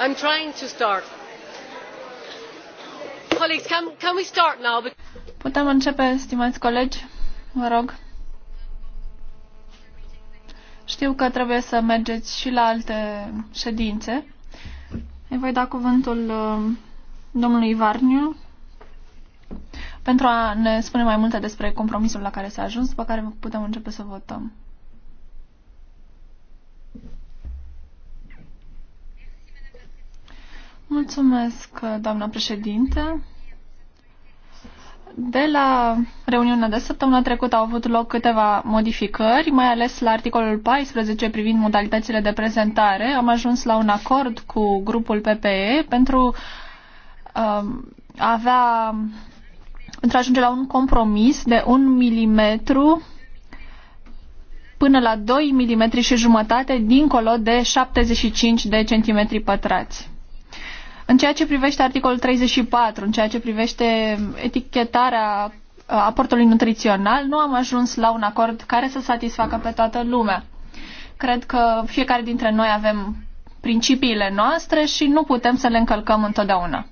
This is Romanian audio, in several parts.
I'm trying to start. Colleagues, can, can we start now? Putem începe, stimați colegi? Vă rog. Știu că trebuie să mergeți și la alte ședințe. Îi voi da cuvântul uh, domnului Varniu pentru a ne spune mai multe despre compromisul la care s-a ajuns, după care putem începe să votăm. Mulțumesc, doamna președinte. De la reuniunea de săptămâna trecută au avut loc câteva modificări, mai ales la articolul 14 privind modalitățile de prezentare. Am ajuns la un acord cu grupul PPE pentru uh, a avea pentru a ajunge la un compromis de un milimetru, până la 2 mm și jumătate dincolo de 75 de centimetri pătrați. În ceea ce privește articolul 34, în ceea ce privește etichetarea uh, aportului nutrițional, nu am ajuns la un acord care să satisfacă pe toată lumea. Cred că fiecare dintre noi avem principiile noastre și nu putem să le încălcăm întotdeauna.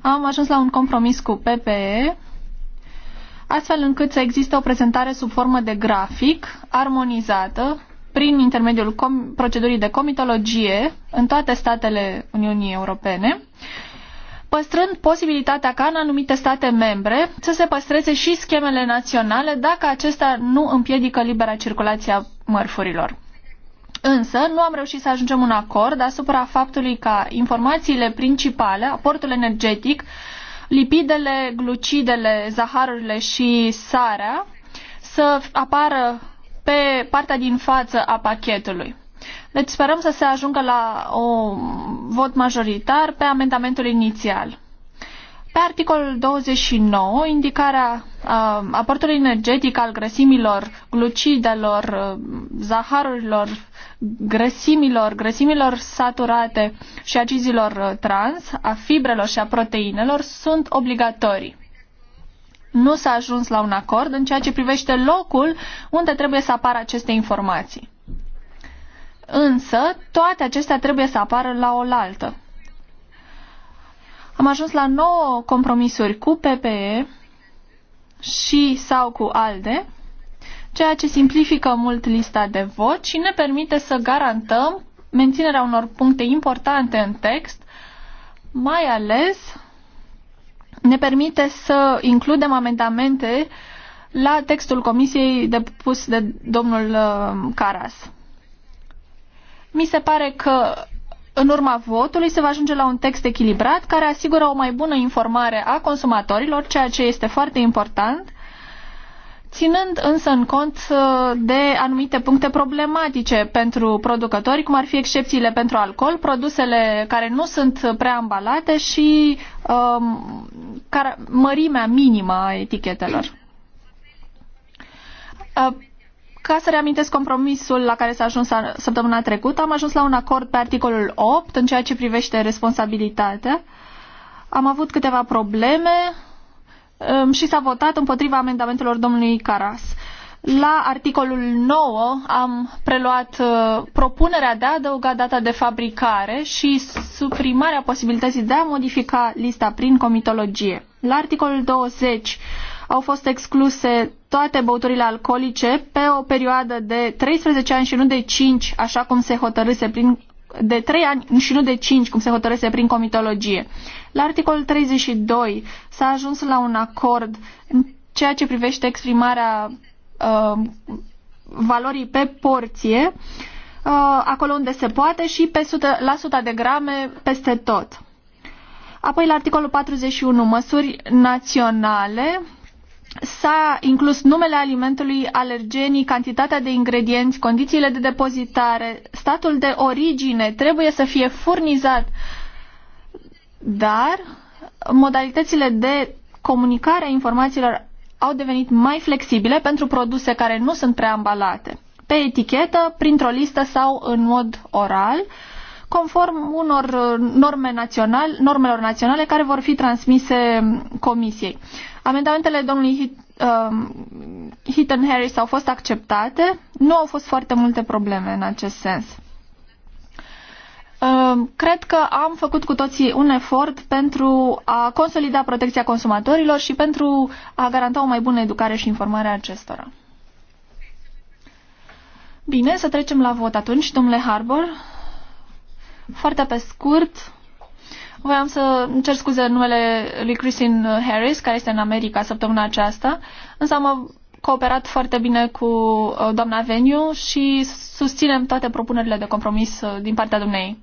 Am ajuns la un compromis cu PPE, astfel încât să existe o prezentare sub formă de grafic, armonizată, prin intermediul procedurii de comitologie în toate statele Uniunii Europene, păstrând posibilitatea ca în anumite state membre să se păstreze și schemele naționale dacă acestea nu împiedică libera circulație a mărfurilor. Însă, nu am reușit să ajungem un acord asupra faptului ca informațiile principale, aportul energetic, lipidele, glucidele, zaharurile și sarea, să apară pe partea din față a pachetului. Deci sperăm să se ajungă la un vot majoritar pe amendamentul inițial. Pe articolul 29, indicarea uh, aportului energetic al grăsimilor, glucidelor, uh, zaharurilor, grăsimilor, grăsimilor saturate și acizilor uh, trans, a fibrelor și a proteinelor sunt obligatorii nu s-a ajuns la un acord în ceea ce privește locul unde trebuie să apară aceste informații. Însă, toate acestea trebuie să apară la oaltă. Am ajuns la nouă compromisuri cu PPE și sau cu ALDE, ceea ce simplifică mult lista de vot și ne permite să garantăm menținerea unor puncte importante în text, mai ales ne permite să includem amendamente la textul comisiei depus de domnul uh, Caras. Mi se pare că în urma votului se va ajunge la un text echilibrat care asigură o mai bună informare a consumatorilor, ceea ce este foarte important ținând însă în cont uh, de anumite puncte problematice pentru producători, cum ar fi excepțiile pentru alcool, produsele care nu sunt pre-ambalate și um, care, mărimea minimă a etichetelor. Uh, ca să reamintesc compromisul la care s-a ajuns săptămâna trecută, am ajuns la un acord pe articolul 8 în ceea ce privește responsabilitatea. Am avut câteva probleme Ehm, și s-a votat împotriva amendamentelor domnului Caras. La articolul 9 am preluat uh, propunerea de a adăuga data de fabricare și suprimarea posibilității de a modifica lista prin comitologie. La articolul 20 au fost excluse toate băuturile alcoolice pe o perioadă de 13 ani și nu de 5, așa cum se hotărâse prin de 3 ani și nu de 5, cum se hotărâse prin comitologie. La articolul 32 s-a ajuns la un acord în ceea ce privește exprimarea uh, valorii pe porție, uh, acolo unde se poate și pe 100, la 100 de grame peste tot. Apoi la articolul 41, măsuri naționale, s-a inclus numele alimentului, alergenii, cantitatea de ingredienți, condițiile de depozitare, statul de origine trebuie să fie furnizat uh, dar modalitățile de comunicare a informațiilor au devenit mai flexibile pentru produse care nu sunt preambalate. Pe etichetă, printr-o listă sau în mod oral, conform unor norme național, normelor naționale care vor fi transmise comisiei. Amendamentele domnului um, Hitton Harris au fost acceptate, nu au fost foarte multe probleme în acest sens. Ehm, cred că am făcut cu toții un efort pentru a consolida protecția consumatorilor și pentru a garanta o mai bună educare și informare a acestora. Bine, să trecem la vot atunci, domnule Harbour. Foarte pe scurt, voiam să cer scuze numele lui Christine Harris, care este în America săptămâna aceasta, însă am cooperat foarte bine cu uh, doamna Veniu și susținem toate propunerile de compromis uh, din partea dumnei.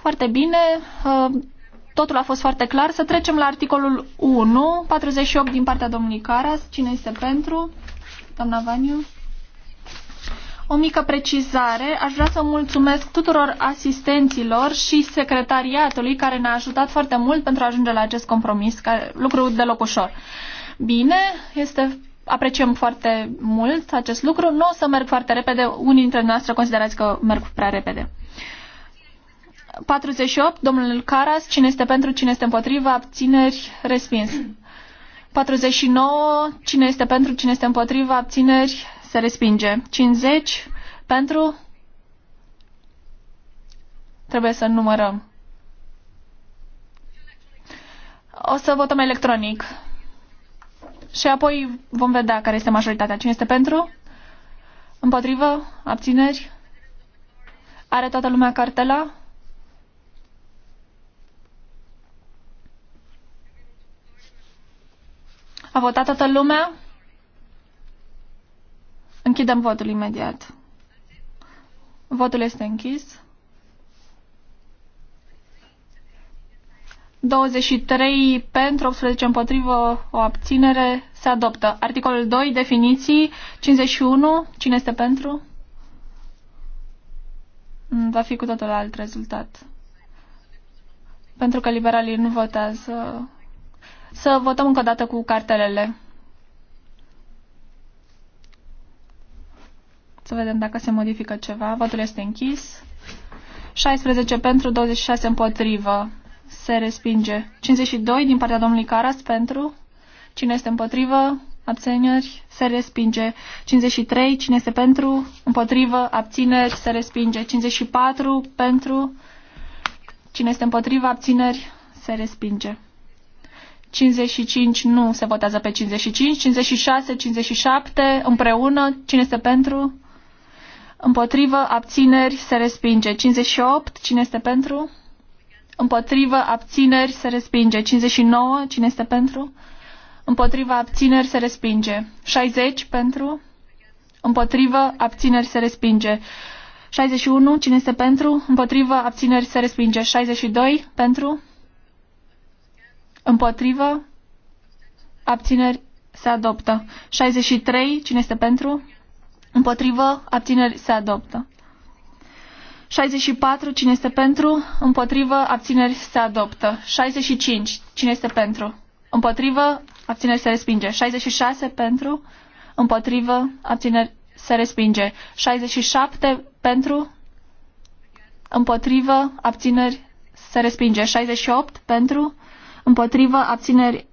Foarte bine, uh, totul a fost foarte clar. Să trecem la articolul 1, 48 din partea domnului Caras. Cine este pentru? Doamna Veniu. O mică precizare, aș vrea să mulțumesc tuturor asistenților și secretariatului care ne-a ajutat foarte mult pentru a ajunge la acest compromis, lucru deloc ușor. Bine, este Apreciem foarte mult acest lucru. Nu o să merg foarte repede. Unii dintre noastre considerați că merg prea repede. 48. Domnul Caras. Cine este pentru, cine este împotriva, abțineri, respins. 49. Cine este pentru, cine este împotriva, abțineri, se respinge. 50. Pentru. Trebuie să numărăm. O să votăm electronic și apoi vom vedea care este majoritatea. Cine este pentru? Împotrivă? Abțineri? Are toată lumea cartela? A votat toată lumea? Închidem votul imediat. Votul este închis. 23 pentru, 18 împotrivă, o abținere, se adoptă. Articolul 2, definiții, 51, cine este pentru? Mm, va fi cu totul alt rezultat. Pentru că liberalii nu votează. Să votăm încă o dată cu cartelele. Să vedem dacă se modifică ceva. Votul este închis. 16 pentru, 26 împotrivă se respinge. 52 din partea domnului Caras pentru, cine este împotrivă, abțineri, se respinge. 53, cine este pentru, împotrivă, abțineri, se respinge. 54, pentru, cine este împotrivă, abțineri, se respinge. 55 nu se votează pe 55, 56, 57 împreună, cine este pentru? Împotrivă, abțineri, se respinge. 58, cine este pentru? Împotrivă, abțineri, se respinge. 59, cine este pentru? Împotrivă, abțineri, se respinge. 60, pentru? Împotrivă, abțineri, se respinge. 61, cine este pentru? Împotrivă, abțineri, se respinge. 62, pentru? Împotrivă, abțineri, se adoptă. 63, cine este pentru? Împotrivă, abțineri, se adoptă. 64. Cine este pentru? Împotrivă. Abțineri se adoptă. 65. Cine este pentru? Împotrivă. Abțineri se respinge. 66. Pentru. Împotrivă. Abțineri se respinge. 67. Pentru. Împotrivă. Abțineri se respinge. 68. Pentru. Împotrivă. Abțineri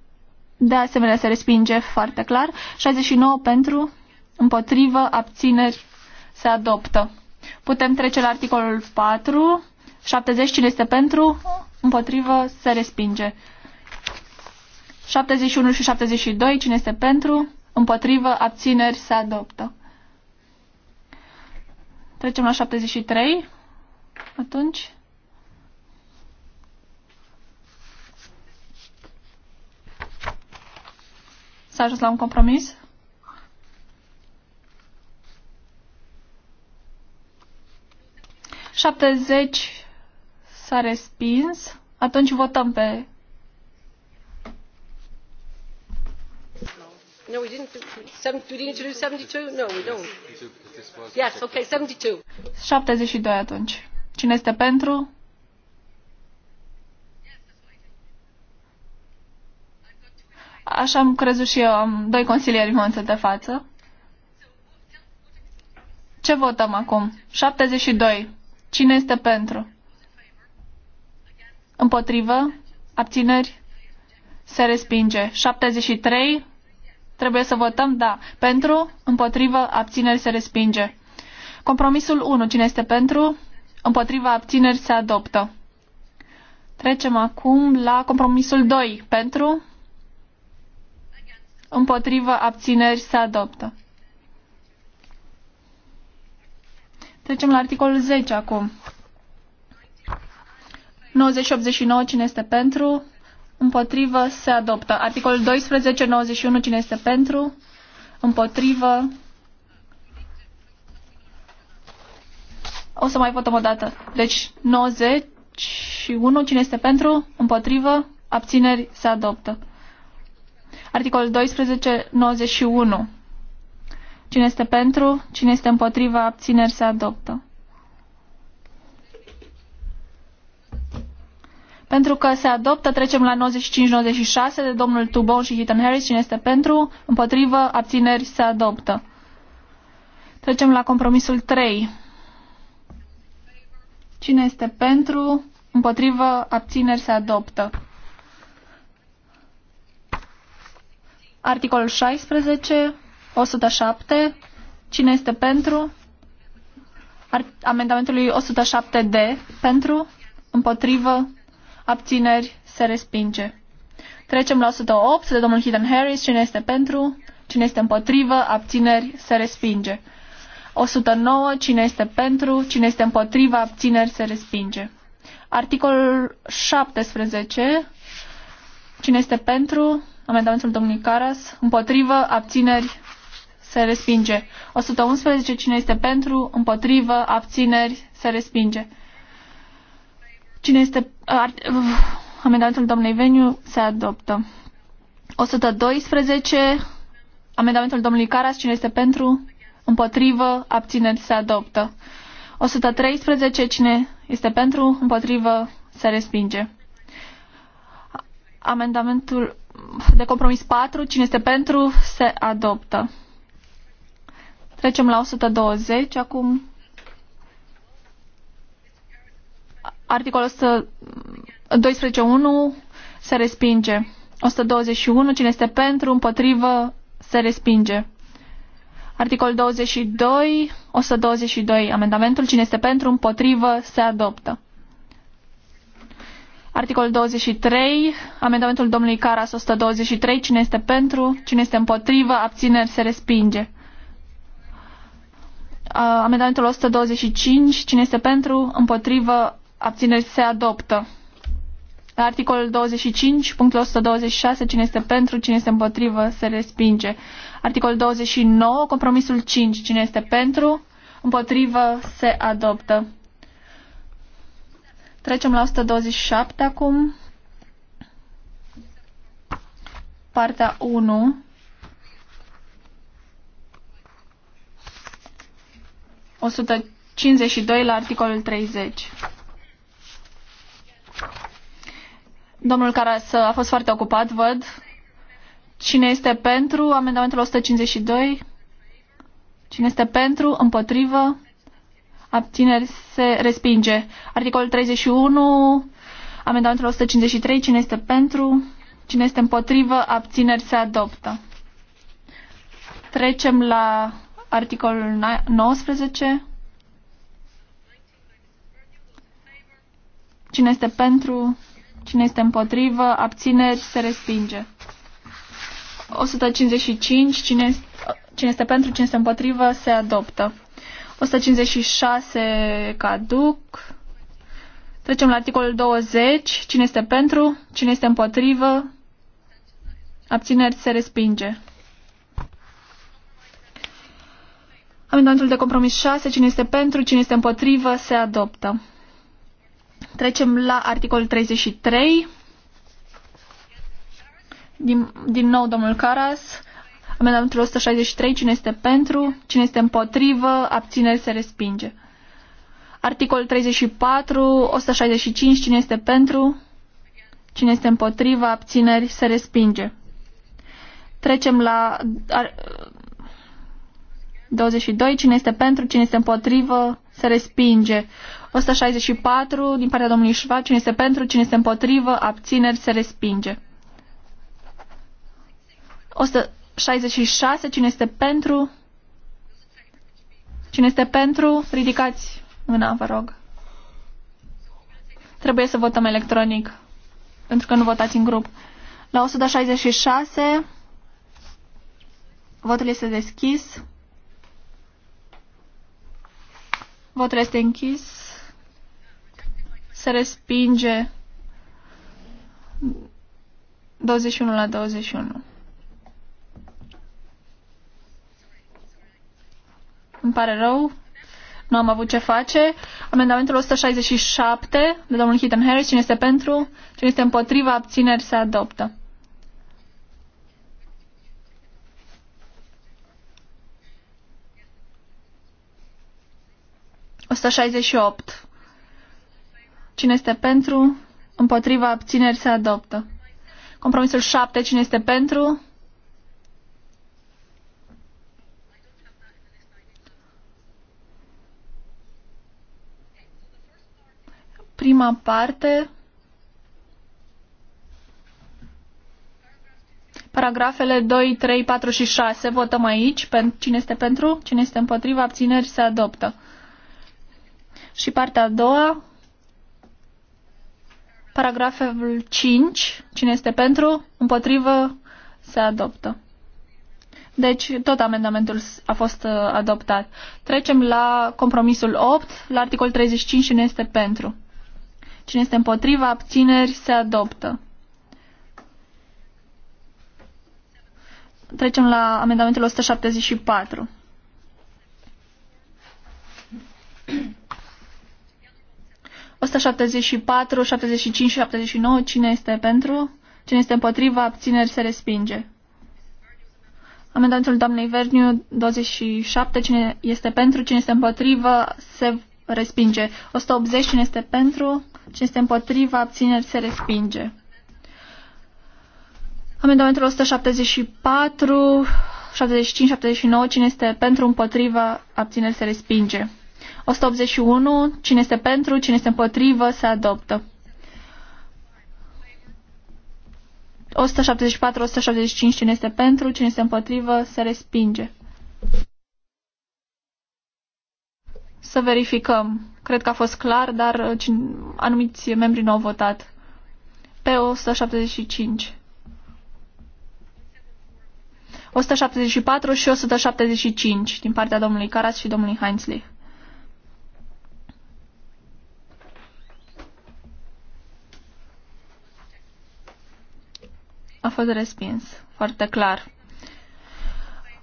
de asemenea se respinge foarte clar. 69. Pentru. Împotrivă. Abțineri se adoptă. Putem trece la articolul 4. 70. Cine este pentru? Împotrivă. Se respinge. 71 și 72. Cine este pentru? Împotrivă. Abțineri. Se adoptă. Trecem la 73. Atunci. S-a ajuns la un compromis? 70 s-a respins. Atunci votăm pe... No, we didn't do, we didn't do 72? No, we don't. Yes, okay, 72. 72 atunci. Cine este pentru? Așa am crezut și eu, am doi consilieri în de față. Ce votăm acum? 72. Cine este pentru? Împotrivă? Abțineri? Se respinge. 73. Trebuie să votăm? Da. Pentru? Împotrivă? Abțineri? Se respinge. Compromisul 1. Cine este pentru? Împotriva abțineri se adoptă. Trecem acum la compromisul 2. Pentru? Împotriva abțineri se adoptă. Trecem la articolul 10 acum. 90-89, cine este pentru? Împotrivă, se adoptă. Articolul 12, 91, cine este pentru? Împotrivă. O să mai votăm o dată. Deci 91, cine este pentru? Împotrivă, abțineri, se adoptă. Articolul 12, 91. Cine este pentru? Cine este împotriva? Abțineri se adoptă. Pentru că se adoptă, trecem la 95-96 de domnul Tubon și Heaton Harris. Cine este pentru? Împotrivă? Abțineri se adoptă. Trecem la compromisul 3. Cine este pentru? Împotrivă? Abțineri se adoptă. Articolul 16. 107. Cine este pentru? amendamentului 107D. Pentru? Împotrivă? Abțineri? Se respinge. Trecem la 108 de domnul Hidden Harris. Cine este pentru? Cine este împotrivă? Abțineri? Se respinge. 109. Cine este pentru? Cine este împotrivă? Abțineri? Se respinge. Articolul 17. Cine este pentru? Amendamentul domnului Caras. Împotrivă? Abțineri? se respinge. 111 cine este pentru, împotrivă, abțineri, se respinge. Cine este ar, uh, amendamentul domnului Veniu se adoptă. 112 amendamentul domnului Caras cine este pentru, împotrivă, abțineri, se adoptă. 113 cine este pentru, împotrivă, se respinge. Amendamentul de compromis 4 cine este pentru, se adoptă. Trecem la 120 acum. Articolul 12.1 se respinge. 121, cine este pentru, împotrivă, se respinge. Articol 22, 122, amendamentul, cine este pentru, împotrivă, se adoptă. Articol 23, amendamentul domnului Caras 123, cine este pentru, cine este împotrivă, abțineri, se respinge. Amendamentul 125. Cine este pentru? Împotrivă? Abțineri? Se adoptă. La articolul 25, punctul 126, cine este pentru, cine este împotrivă, se respinge. Articolul 29, compromisul 5, cine este pentru, împotrivă, se adoptă. Trecem la 127 acum. Partea 1. 152 la articolul 30. Domnul care a fost foarte ocupat, văd. Cine este pentru amendamentul 152? Cine este pentru? Împotrivă? Abțineri se respinge. Articolul 31, amendamentul 153. Cine este pentru? Cine este împotrivă? Abțineri se adoptă. Trecem la Articolul 19. Cine este pentru, cine este împotrivă, abțineri, se respinge. 155. Cine este, cine este pentru, cine este împotrivă, se adoptă. 156 caduc. Trecem la articolul 20. Cine este pentru? Cine este împotrivă? Abțineri se respinge. Amendamentul de compromis 6. Cine este pentru, cine este împotrivă, se adoptă. Trecem la articolul 33. Din, din nou, domnul Caras. Amendamentul 163. Cine este pentru, cine este împotrivă, abțineri, se respinge. Articolul 34, 165, cine este pentru, cine este împotrivă, abțineri, se respinge. Trecem la 22. Cine este pentru, cine este împotrivă, se respinge. 164 din partea domnului Șva. Cine este pentru, cine este împotrivă, abțineri, se respinge. 166. Cine este pentru? Cine este pentru? Ridicați mâna, vă rog. Trebuie să votăm electronic, pentru că nu votați în grup. La 166, votul este deschis. Votul este închis. Se respinge 21 la 21. Îmi pare rău. Nu am avut ce face. Amendamentul 167 de domnul Hitton Harris. Cine este pentru? Cine este împotriva? Abțineri se adoptă. 168. Cine este pentru? Împotriva abțineri se adoptă. Compromisul 7. Cine este pentru? Prima parte. Paragrafele 2, 3, 4 și 6. Votăm aici. Cine este pentru? Cine este împotriva? Abțineri se adoptă. Și partea a doua, paragraful 5, cine este pentru, împotrivă, se adoptă. Deci tot amendamentul a fost uh, adoptat. Trecem la compromisul 8, la articol 35, cine este pentru. Cine este împotriva, abțineri, se adoptă. Trecem la amendamentul 174. 174, 75 și 79. Cine este pentru? Cine este împotriva? Abțineri se respinge. Amendamentul doamnei Verniu 27. Cine este pentru? Cine este împotrivă? Se respinge. 180. Cine este pentru? Cine este împotriva? Abțineri se respinge. Amendamentul 174, 75, 79. Cine este pentru? Împotriva? Abțineri se respinge. 181. Cine este pentru, cine este împotrivă, se adoptă. 174, 175, cine este pentru, cine este împotrivă, se respinge. Să verificăm. Cred că a fost clar, dar uh, anumiți membri nu au votat. Pe 175. 174 și 175 din partea domnului Caras și domnului Heinzlich. fost respins. Foarte clar.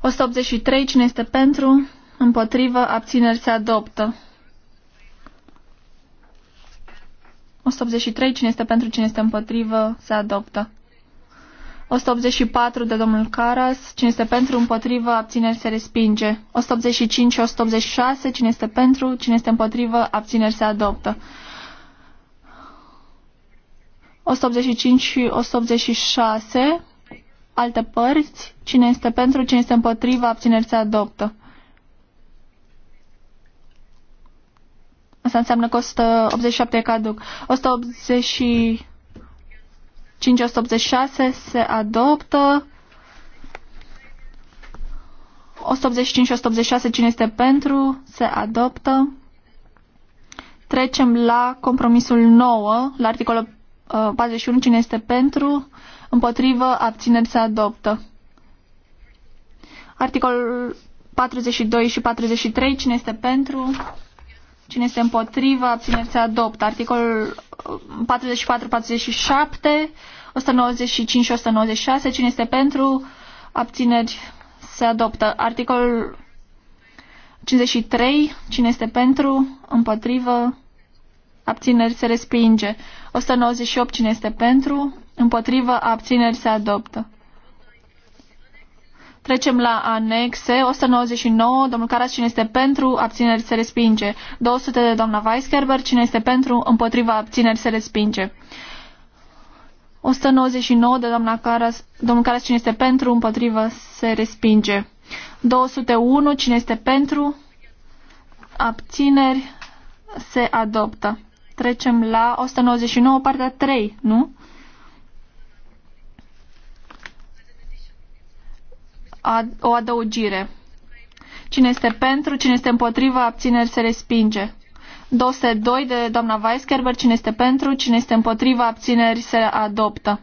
183. Cine este pentru? Împotrivă. Abțineri se adoptă. 183. Cine este pentru? Cine este împotrivă? Se adoptă. 184 de domnul Caras. Cine este pentru? Împotrivă. Abțineri se respinge. 185 și 186. Cine este pentru? Cine este împotrivă? Abțineri se adoptă. 185 și 186, alte părți, cine este pentru, cine este împotriva, abțineri se adoptă. Asta înseamnă că 187 e caduc. 185, 186 se adoptă. 185 și 186, cine este pentru, se adoptă. Trecem la compromisul 9, la articolul 41. Uh, cine este pentru? Împotrivă? Abțineri se adoptă. Articolul 42 și 43. Cine este pentru? Cine este împotrivă? Abțineri se adoptă. Articolul 44-47, uh, 195 și 196. Cine este pentru? Abțineri se adoptă. Articolul 53. Cine este pentru? Împotrivă? abțineri se respinge. 198 cine este pentru, împotrivă, abțineri se adoptă. Trecem la anexe. 199, domnul Caras, cine este pentru, abțineri se respinge. 200 de doamna Weisgerber, cine este pentru, împotriva, abțineri se respinge. 199 de doamna Caras, domnul Caras, cine este pentru, împotriva, se respinge. 201, cine este pentru, abțineri se adoptă. Trecem la 199, partea 3, nu? Ad o adăugire. Cine este pentru, cine este împotriva, abțineri se respinge. 202 de doamna Weisgerber, cine este pentru, cine este împotriva, abțineri se adoptă.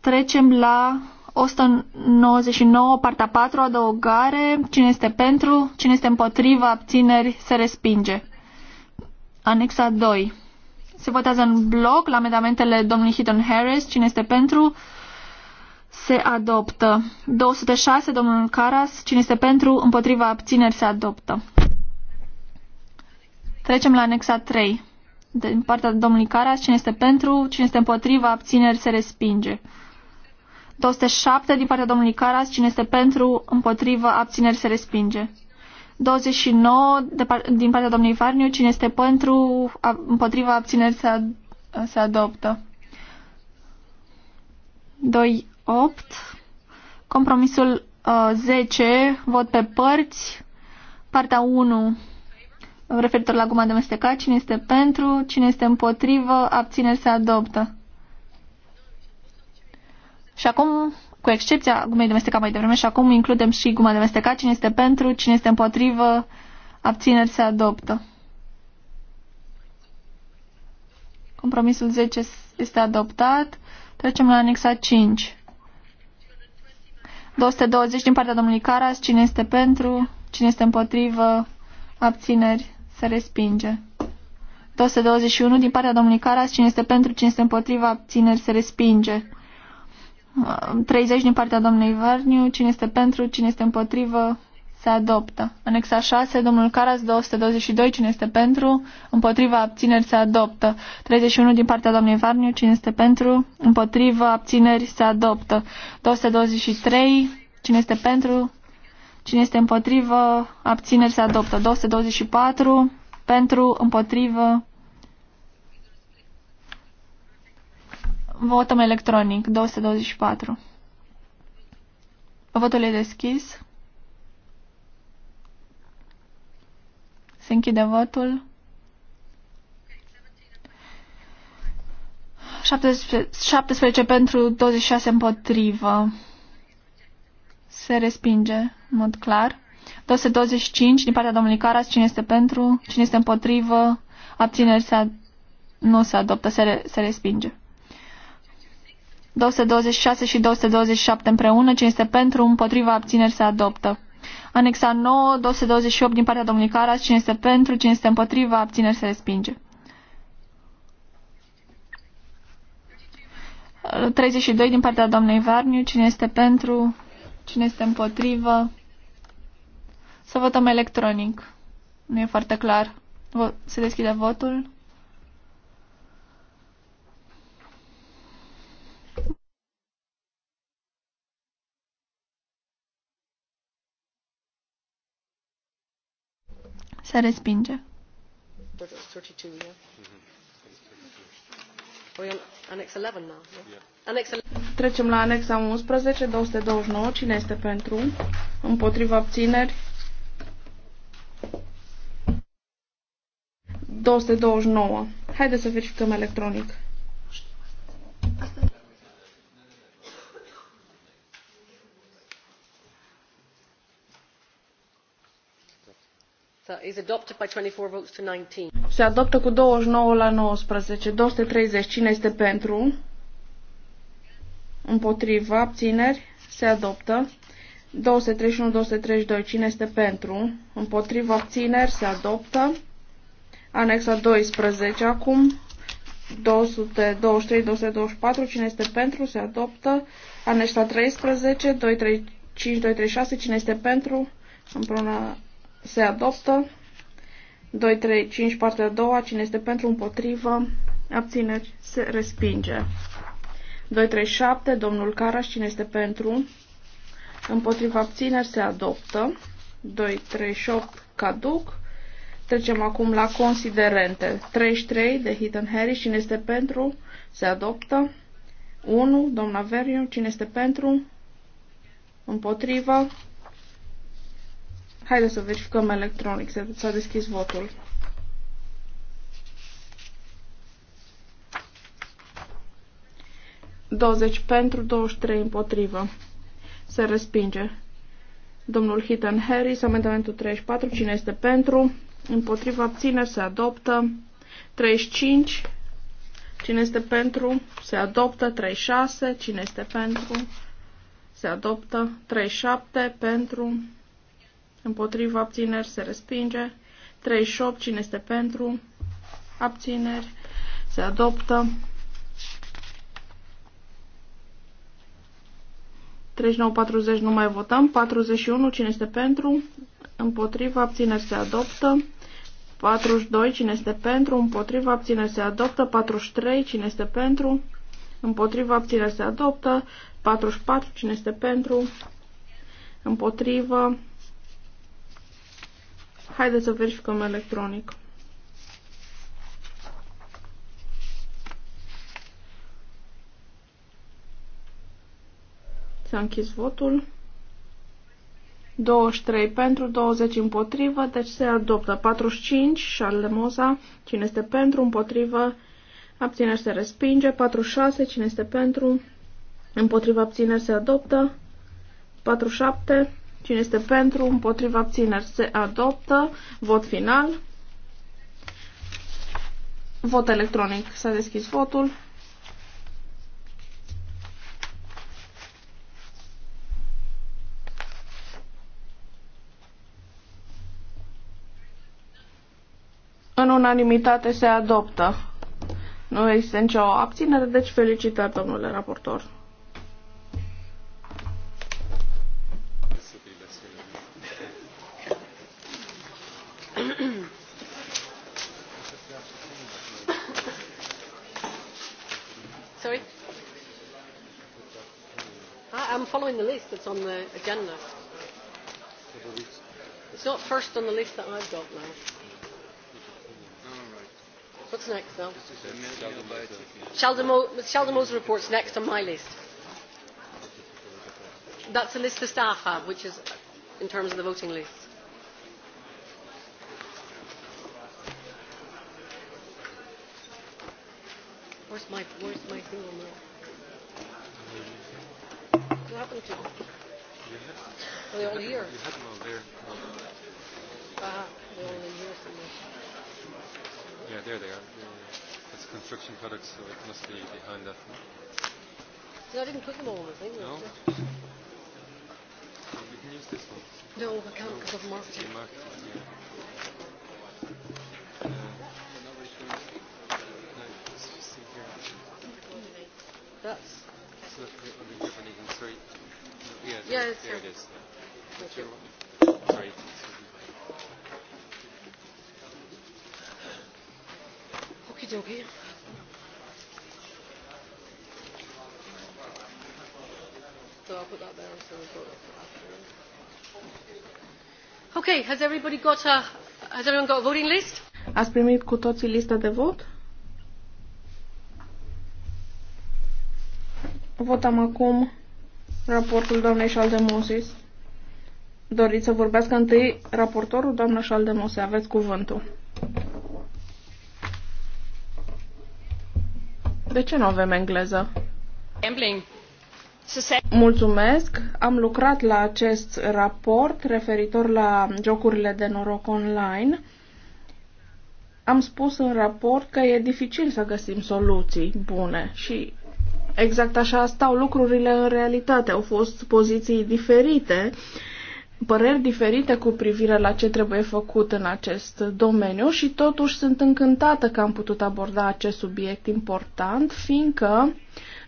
Trecem la 199, partea 4, adăugare, cine este pentru, cine este împotriva, abțineri se respinge. Anexa 2. Se votează în bloc la amendamentele domnului Hidden Harris. Cine este pentru? Se adoptă. 206, domnul Caras. Cine este pentru? Împotriva abțineri se adoptă. Trecem la anexa 3. Din partea domnului Caras, cine este pentru, cine este împotriva, abțineri se respinge. 207 din partea domnului Caras, cine este pentru, împotriva, abțineri se respinge. 29 din partea domnului Farniu. Cine este pentru, împotriva, abțineri se, se adoptă. 2, 8. Compromisul uh, 10, vot pe părți. Partea 1, referitor la guma de mestecat. Cine este pentru, cine este împotrivă, abțineri se adoptă. Și acum cu excepția gumei de mestecat mai devreme și acum includem și guma de mestecat, cine este pentru, cine este împotrivă, abțineri se adoptă. Compromisul 10 este adoptat. Trecem la anexa 5. 220 din partea domnului Caras. Cine este pentru? Cine este împotrivă? Abțineri? Se respinge. 221 din partea domnului Caras. Cine este pentru? Cine este împotrivă? Abțineri? Se respinge. 30 din partea domnului Varniu, cine este pentru, cine este împotrivă, se adoptă. Anexa 6, domnul Caras, 222, cine este pentru, împotriva, abțineri, se adoptă. 31 din partea domnului Varniu, cine este pentru, împotriva, abțineri, se adoptă. 223, cine este pentru, cine este împotrivă, abțineri, se adoptă. 224, pentru, împotrivă, Votăm electronic, 224. Votul e deschis. Se închide votul. 17, 17 pentru, 26 împotrivă. Se respinge, în mod clar. 225 din partea domnului Caras, cine este pentru, cine este împotrivă, abțineri se nu se adoptă, se, re, se respinge. 226 și 227 împreună, cine este pentru, împotriva, abțineri, se adoptă. Anexa 9, 228 din partea domnului Caras, cine este pentru, cine este împotriva, abțineri, se respinge. 32 din partea doamnei Varniu, cine este pentru, cine este împotrivă. Să votăm electronic. Nu e foarte clar. Se deschide votul. Se respinge. 11 11. Trecem la anexa 11, 229. Cine este pentru? Împotriva abțineri? 229. Haideți să verificăm electronic. Se adoptă cu 29 la 19. 230. Cine este pentru? Împotriva. Abțineri. Se adoptă. 231-232. Cine este pentru? Împotriva. Abțineri. Se adoptă. Anexa 12. Acum. 223-224. Cine este pentru? Se adoptă. Anexa 13. 235-236. Cine este pentru? Împreună se adoptă. 2, 3, 5, partea a doua, cine este pentru, împotrivă, abțineri, se respinge. 2, 3, 7, domnul Caraș, cine este pentru, împotriva abțineri, se adoptă. 2, 3, 8, caduc. Trecem acum la considerente. 33 de Hidden Harry, cine este pentru, se adoptă. 1, domnul Averiu, cine este pentru, împotriva, Haideți să verificăm electronic. S-a deschis votul. Douăzeci pentru, 23 împotrivă. Se respinge. Domnul Hitton Harris, amendamentul 34. Cine este pentru? Împotriva abțineri se adoptă. 35. Cine este pentru? Se adoptă. 36. Cine este pentru? Se adoptă. 37. Pentru împotriva abțineri se respinge, 38 cine este pentru, abțineri se adoptă, 39-40 nu mai votăm, 41 cine este pentru, împotriva abțineri se adoptă, 42 cine este pentru, împotriva abțineri se adoptă, 43 cine este pentru, împotriva abțineri se adoptă, 44 cine este pentru, împotriva Haideți să verificăm electronic. S-a închis votul. 23 pentru, 20 împotrivă, deci se adoptă 45, Charles Moza, cine este pentru, împotrivă, abțineri se respinge, 46, cine este pentru, împotrivă, abțineri se adoptă, 47, Cine este pentru, împotriva abțineri se adoptă. Vot final. Vot electronic. S-a deschis votul. În unanimitate se adoptă. Nu există nicio abținere, deci felicitări, domnule raportor. following the list that's on the agenda. It's not first on the list that I've got now. What's next, though? Sheldamo's report's next on my list. That's the list the staff have, which is in terms of the voting list. Where's my, where's my thing on that? happened to them? Are they all here? You had them all there. Ah, they're all in here somewhere. Yeah, there they are. That's construction products, so it must be behind that. So I didn't put them all on the thing. No. You can use this one. No, I can't because of marketing. it. yeah. Yes, Here it is. Thank you. Okie dokie. So I'll put that there so we've got that for Okay, has everybody got a has everyone got a voting list? Ați primit cu toții lista de vot? Votăm acum raportul doamnei Moses. Doriți să vorbească întâi raportorul, doamna Moses. aveți cuvântul. De ce nu avem engleză? Gambling. Mulțumesc. Am lucrat la acest raport referitor la jocurile de noroc online. Am spus în raport că e dificil să găsim soluții bune și exact așa stau lucrurile în realitate. Au fost poziții diferite, păreri diferite cu privire la ce trebuie făcut în acest domeniu și totuși sunt încântată că am putut aborda acest subiect important, fiindcă,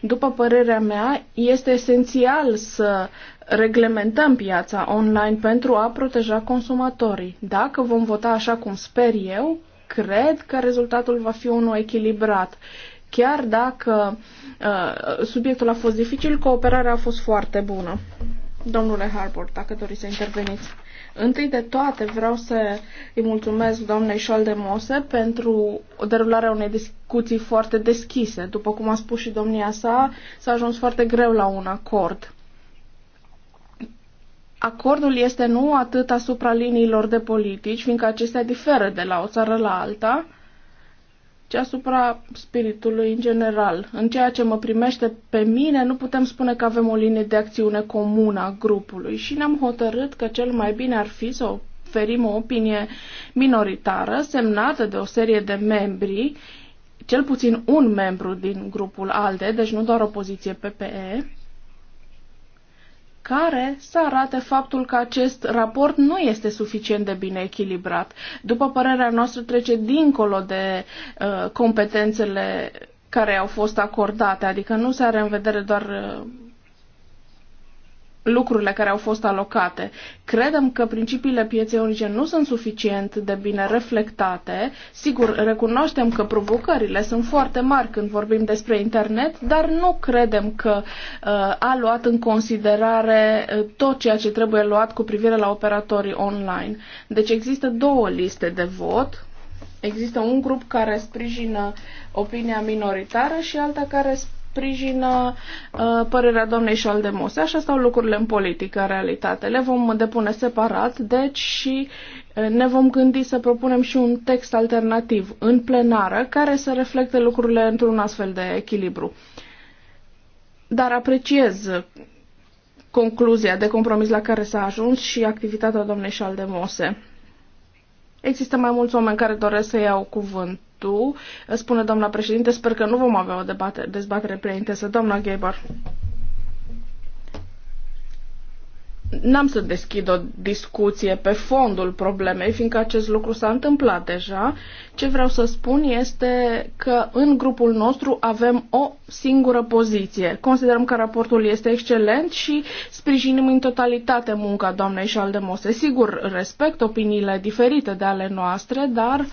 după părerea mea, este esențial să reglementăm piața online pentru a proteja consumatorii. Dacă vom vota așa cum sper eu, cred că rezultatul va fi unul echilibrat Chiar dacă uh, subiectul a fost dificil, cooperarea a fost foarte bună. Domnule Harbour, dacă doriți să interveniți. Întâi de toate vreau să îi mulțumesc doamnei Șoldemose pentru derularea unei discuții foarte deschise. După cum a spus și domnia sa, s-a ajuns foarte greu la un acord. Acordul este nu atât asupra liniilor de politici, fiindcă acestea diferă de la o țară la alta, ci asupra spiritului în general. În ceea ce mă primește pe mine, nu putem spune că avem o linie de acțiune comună a grupului și ne-am hotărât că cel mai bine ar fi să oferim o opinie minoritară semnată de o serie de membri, cel puțin un membru din grupul ALDE, deci nu doar o poziție PPE, care să arate faptul că acest raport nu este suficient de bine echilibrat. După părerea noastră, trece dincolo de uh, competențele care au fost acordate, adică nu se are în vedere doar uh, lucrurile care au fost alocate. Credem că principiile pieței unice nu sunt suficient de bine reflectate. Sigur, recunoaștem că provocările sunt foarte mari când vorbim despre internet, dar nu credem că uh, a luat în considerare uh, tot ceea ce trebuie luat cu privire la operatorii online. Deci există două liste de vot. Există un grup care sprijină opinia minoritară și alta care sprijină sprijină uh, părerea doamnei Șaldemose. Așa stau lucrurile în politică, în realitate. Le vom depune separat, deci și uh, ne vom gândi să propunem și un text alternativ în plenară care să reflecte lucrurile într-un astfel de echilibru. Dar apreciez concluzia de compromis la care s-a ajuns și activitatea doamnei Șaldemose. Există mai mulți oameni care doresc să iau cuvânt tu, spune doamna președinte, sper că nu vom avea o debate, dezbatere prea intensă. Doamna Gheibar. N-am să deschid o discuție pe fondul problemei, fiindcă acest lucru s-a întâmplat deja. Ce vreau să spun este că în grupul nostru avem o singură poziție. Considerăm că raportul este excelent și sprijinim în totalitate munca doamnei Șaldemose. Sigur, respect opiniile diferite de ale noastre, dar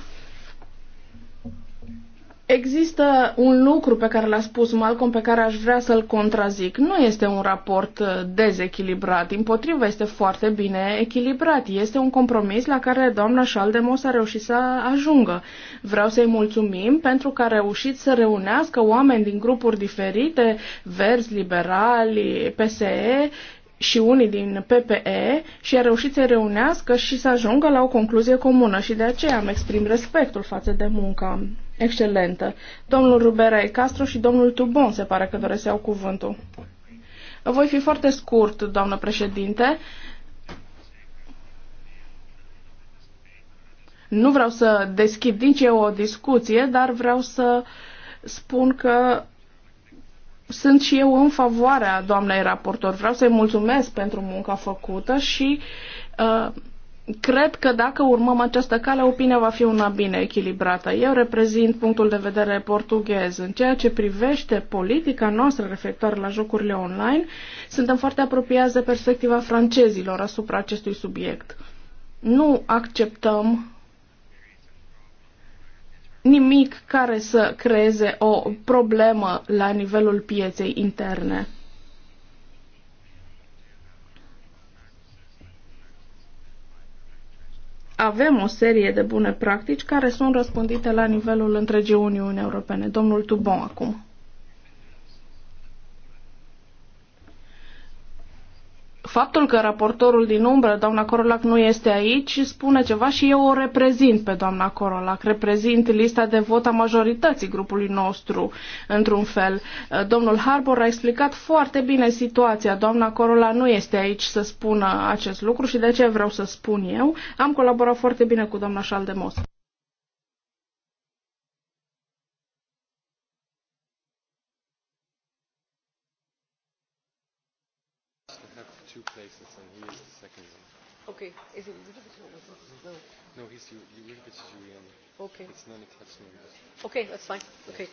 Există un lucru pe care l-a spus Malcolm, pe care aș vrea să-l contrazic. Nu este un raport uh, dezechilibrat, împotriva este foarte bine echilibrat. Este un compromis la care doamna Șaldemos a reușit să ajungă. Vreau să-i mulțumim pentru că a reușit să reunească oameni din grupuri diferite, verzi, liberali, PSE și unii din PPE și a reușit să reunească și să ajungă la o concluzie comună și de aceea îmi exprim respectul față de munca Excelentă. Domnul e Castro și domnul Tubon se pare că doresc să iau cuvântul. Voi fi foarte scurt, doamnă președinte. Nu vreau să deschid nici eu o discuție, dar vreau să spun că sunt și eu în favoarea doamnei raportor. Vreau să-i mulțumesc pentru munca făcută și uh, Cred că dacă urmăm această cale, opinia va fi una bine echilibrată. Eu reprezint punctul de vedere portughez. În ceea ce privește politica noastră referitoare la jocurile online, suntem foarte apropiați de perspectiva francezilor asupra acestui subiect. Nu acceptăm nimic care să creeze o problemă la nivelul pieței interne. avem o serie de bune practici care sunt răspândite la nivelul întregii Uniuni Europene. Domnul Tubon acum. Faptul că raportorul din umbră, doamna Corolac, nu este aici, spune ceva și eu o reprezint pe doamna Corolac. Reprezint lista de vot a majorității grupului nostru, într-un fel. Uh, domnul Harbour a explicat foarte bine situația. Doamna Corolac nu este aici să spună acest lucru și de ce vreau să spun eu. Am colaborat foarte bine cu doamna Șaldemos. places, and he is the second one. Okay, is it Ludovic No. No, he's Ludovic is Giuliani. Okay. It's non-attached members. Okay, that's fine. Yeah. Okay.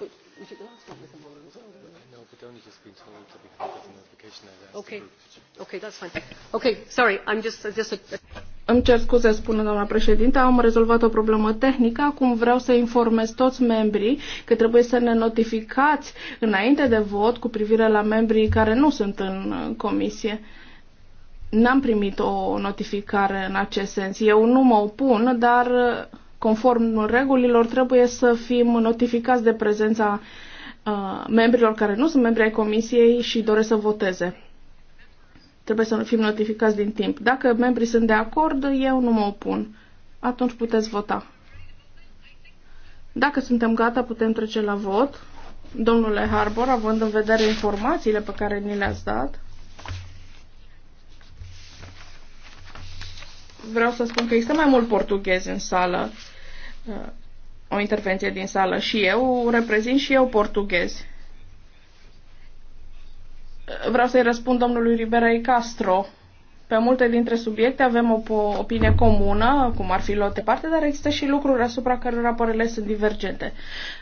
But we should got them. with the all as well. No, but only just been told that we haven't got the notification. okay. Okay, that's fine. Okay, sorry, I'm just, just a, a îmi cer scuze, spune doamna președinte, am rezolvat o problemă tehnică. Acum vreau să informez toți membrii că trebuie să ne notificați înainte de vot cu privire la membrii care nu sunt în uh, comisie. N-am primit o notificare în acest sens. Eu nu mă opun, dar uh, conform regulilor trebuie să fim notificați de prezența uh, membrilor care nu sunt membri ai comisiei și doresc să voteze. Trebuie să fim notificați din timp. Dacă membrii sunt de acord, eu nu mă opun. Atunci puteți vota. Dacă suntem gata, putem trece la vot. Domnule Harbor, având în vedere informațiile pe care ni le-ați dat, vreau să spun că există mai mult portughezi în sală, uh, o intervenție din sală și eu reprezint și eu portughezi vreau să-i răspund domnului Riberei Castro. Pe multe dintre subiecte avem o opinie comună, cum ar fi luat parte, dar există și lucruri asupra cărora raporele sunt divergente.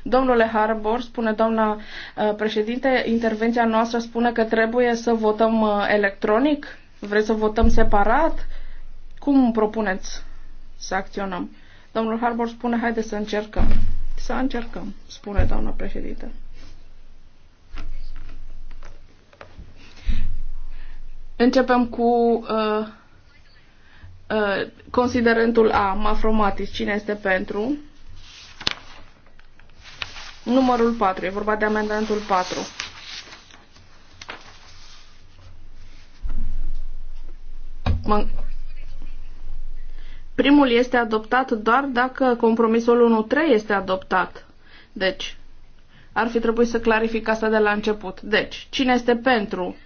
Domnule Harbor, spune doamna uh, președinte, intervenția noastră spune că trebuie să votăm uh, electronic? Vreți să votăm separat? Cum propuneți să acționăm? Domnul Harbor spune, haide să încercăm. Să încercăm, spune doamna președinte. Începem cu uh, uh, considerentul A, mafromatis, cine este pentru? Numărul 4, e vorba de amendamentul 4. Mă... Primul este adoptat doar dacă compromisul 1.3 este adoptat. Deci, ar fi trebuit să clarific asta de la început. Deci, cine este pentru?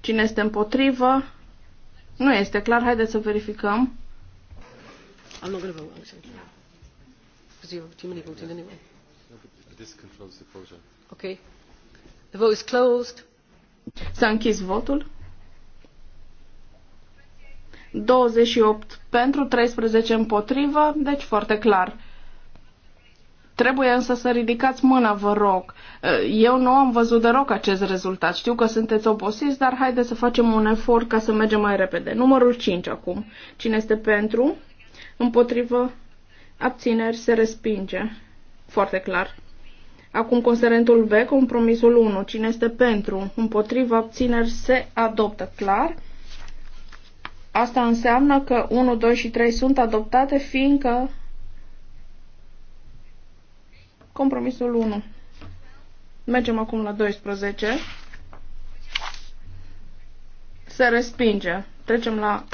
Cine este împotrivă? Nu este clar. Haideți să verificăm. Am not going to vote, actually. Because you this controls the Okay. The vote is closed. S-a închis votul. 28 pentru, 13 împotrivă, deci foarte clar. Trebuie însă să ridicați mâna, vă rog. Eh, eu nu am văzut deloc acest rezultat. Știu că sunteți obosiți, dar haideți să facem un efort ca să mergem mai repede. Numărul 5 acum. Cine este pentru? Împotrivă? Abțineri se respinge. Foarte clar. Acum considerentul B, compromisul 1. Cine este pentru? Împotrivă? Abțineri se adoptă. Clar. Asta înseamnă că 1, 2 și 3 sunt adoptate, fiindcă Compromisul 1. Mergem acum la 12. Se respinge. Trecem la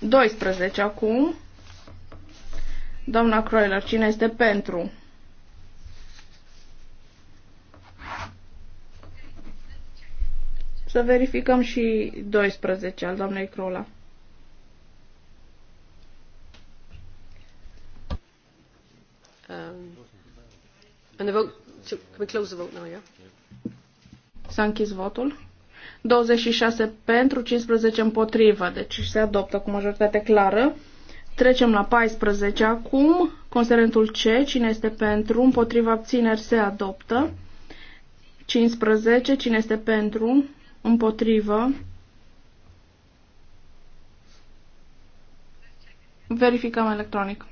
12 acum. Doamna Croiler, cine este pentru? Să verificăm și 12 al doamnei Crola. And the S-a închis votul. 26 pentru, 15 împotriva. deci se adoptă cu majoritate clară. Trecem la 14 acum. Considerentul C, cine este pentru, împotriva abțineri se adoptă. 15, cine este pentru, împotrivă. Verificăm electronic.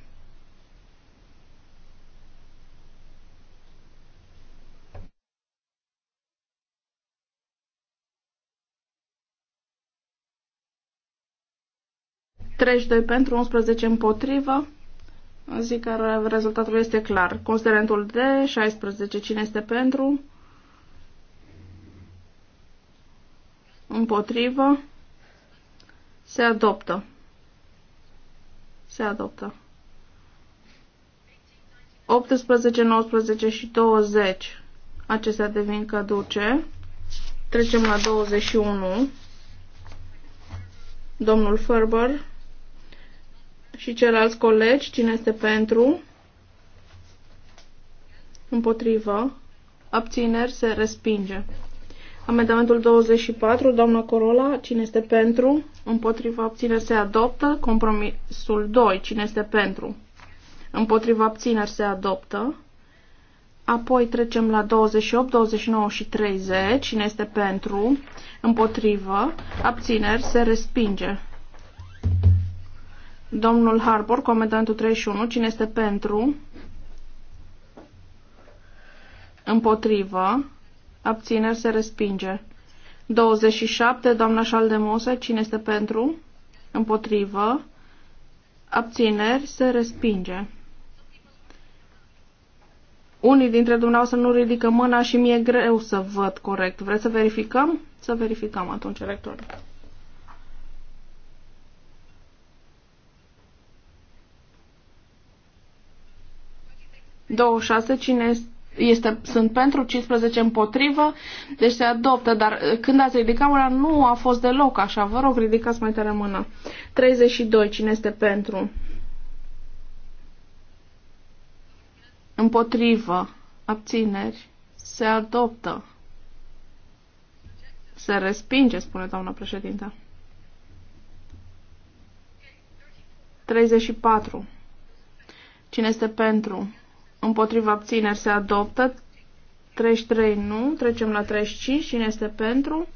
32 pentru, 11 împotrivă. Zic că rezultatul este clar. Considerentul de 16, cine este pentru? Împotrivă. Se adoptă. Se adoptă. 18, 19 și 20. Acestea devin caduce. Trecem la 21. Domnul Ferber și ceilalți colegi, cine este pentru, împotrivă, abțineri, se respinge. Amendamentul 24, doamna Corola, cine este pentru, împotriva abțineri se adoptă, compromisul 2, cine este pentru, împotriva abțineri se adoptă, apoi trecem la 28, 29 și 30, cine este pentru, împotrivă, abțineri se respinge. Domnul Harbour, comandantul 31, cine este pentru? Împotrivă. Abțineri se respinge. 27, doamna Șaldemose, cine este pentru? Împotrivă. Abțineri se respinge. Unii dintre dumneavoastră nu ridică mâna și mi-e greu să văd corect. Vreți să verificăm? Să verificăm atunci electorul. 26, cine este, sunt pentru, 15 împotrivă, deci se adoptă, dar uh, când ați ridicat mâna nu a fost deloc așa, vă rog ridicați mai tare mâna. 32, cine este pentru? Împotrivă, abțineri, se adoptă. Se respinge, spune doamna președinte. 34. Cine este pentru? împotriva abțineri se adoptă. 33 nu. Trecem la 35. Cine este pentru?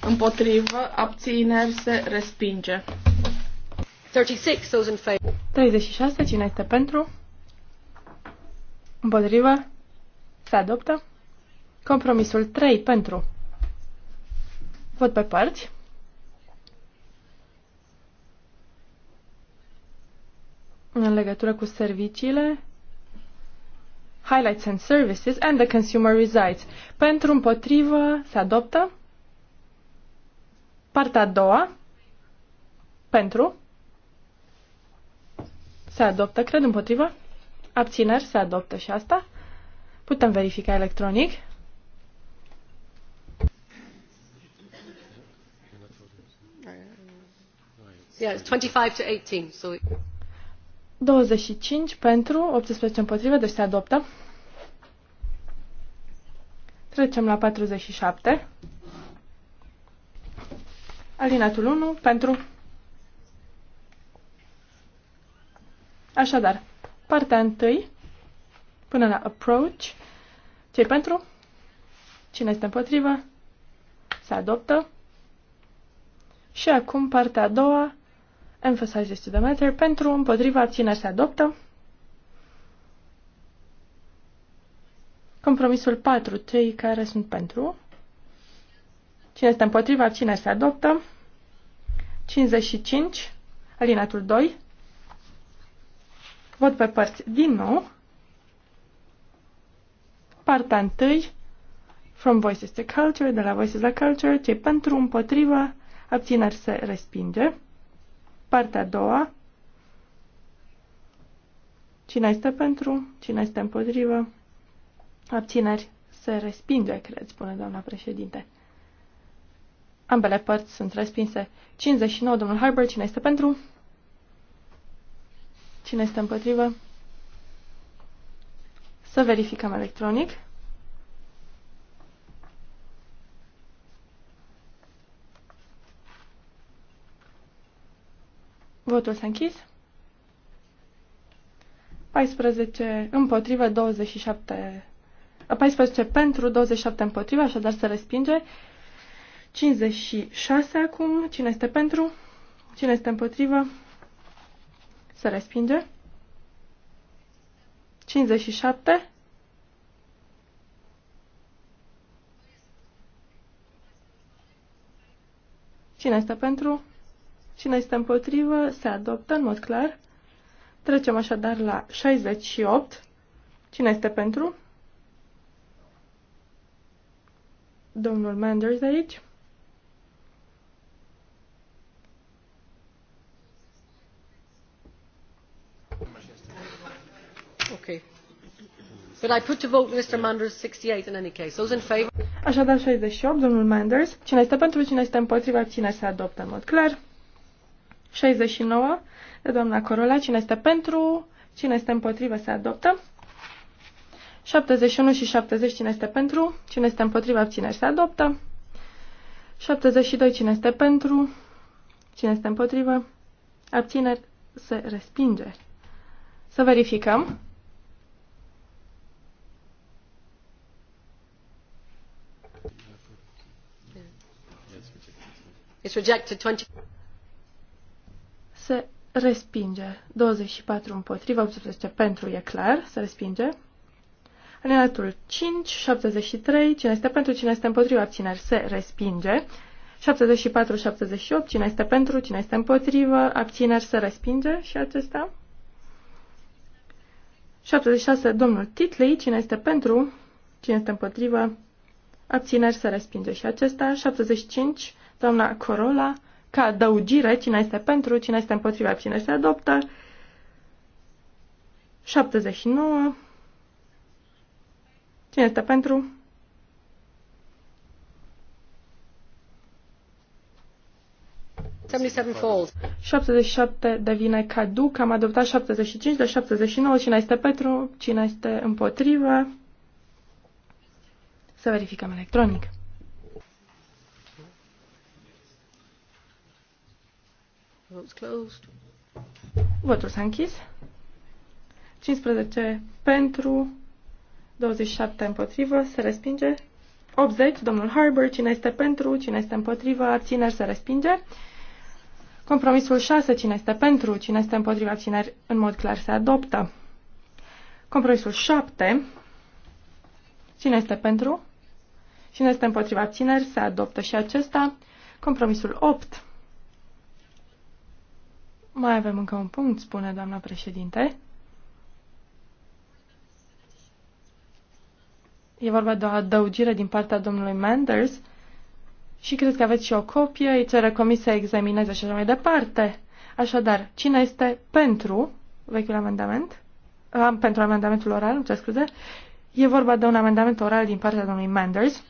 Împotrivă, abțineri se respinge. 36, cine este pentru? Împotrivă, se adoptă. Compromisul 3 pentru. Vot pe părți. în legătură cu serviciile Highlights and Services and the Consumer Resides. Pentru împotrivă se adoptă partea a doua pentru se adoptă, cred împotrivă abțineri se adoptă și asta putem verifica electronic Yeah, it's 25 to 18, so... 25 pentru, 18 împotrivă, deci se adoptă. Trecem la 47. Alinatul 1 pentru. Așadar, partea 1 până la approach. Cei pentru? Cine este împotrivă? Se adoptă. Și acum partea a doua Emphasize este the matter. Pentru, împotriva, abțineri se adoptă. Compromisul 4. Cei care sunt pentru. Cine este împotriva, abțineri se adoptă. 55. Alinatul 2. Vot pe părți din nou. Partea 1. From Voices to Culture, de la Voices la Culture, cei pentru, împotriva, abțineri se respinge. Partea a doua. Cine este pentru? Cine este împotrivă? Abțineri. Se respinge, cred, spune doamna președinte. Ambele părți sunt respinse. 59, domnul Harbour, cine este pentru? Cine este împotrivă? Să verificăm electronic. Votul s-a închis. 14 împotrivă, 27 14 pentru, 27 împotrivă, așadar se respinge. 56 acum. Cine este pentru? Cine este împotrivă? Se respinge. 57. Cine este pentru? Cine este împotrivă se adoptă în mod clar. Trecem așadar la 68. Cine este pentru? Domnul Manders aici. Okay. But I put to vote Mr. Manders 68 in any case. Those in favor? Așadar 68, domnul Manders. Cine este pentru, cine este împotriva, cine se adoptă în mod clar. 69 de doamna Corola. Cine este pentru? Cine este împotrivă? Se adoptă. 71 și 70. Cine este pentru? Cine este împotrivă? Abțineri. Se adoptă. 72. Cine este pentru? Cine este împotrivă? Abțineri. Se respinge. Să verificăm. It's rejected 20 se respinge. 24 împotriva, 18 pentru, e clar, se respinge. Alineatul 5, 73, cine este pentru, cine este împotriva, abțineri, se respinge. 74, 78, cine este pentru, cine este împotrivă, abțineri, se respinge și acesta. 76, domnul Titley, cine este pentru, cine este împotrivă, abțineri, se respinge și acesta. 75, doamna Corola, ca adăugire, cine este pentru, cine este împotriva, cine se adoptă. 79. Cine este pentru? Falls. 77 devine caduc, am adoptat 75 de 79, cine este pentru, cine este împotrivă. Să verificăm electronic. Votul closed. Votul s-a închis. 15 pentru, 27 împotrivă, se respinge. 80, domnul Harbour, cine este pentru, cine este împotrivă, abțineri, se respinge. Compromisul 6, cine este pentru, cine este împotrivă, abțineri, în mod clar se adoptă. Compromisul 7, cine este pentru, cine este împotrivă, abțineri, se adoptă și acesta. Compromisul 8, mai avem încă un punct, spune doamna președinte. E vorba de o adăugire din partea domnului Manders și cred că aveți și o copie, îi cere comisia să examineze și așa mai departe. Așadar, cine este pentru vechiul amendament? Am ah, pentru amendamentul oral, nu ce scuze. E vorba de un amendament oral din partea domnului Manders.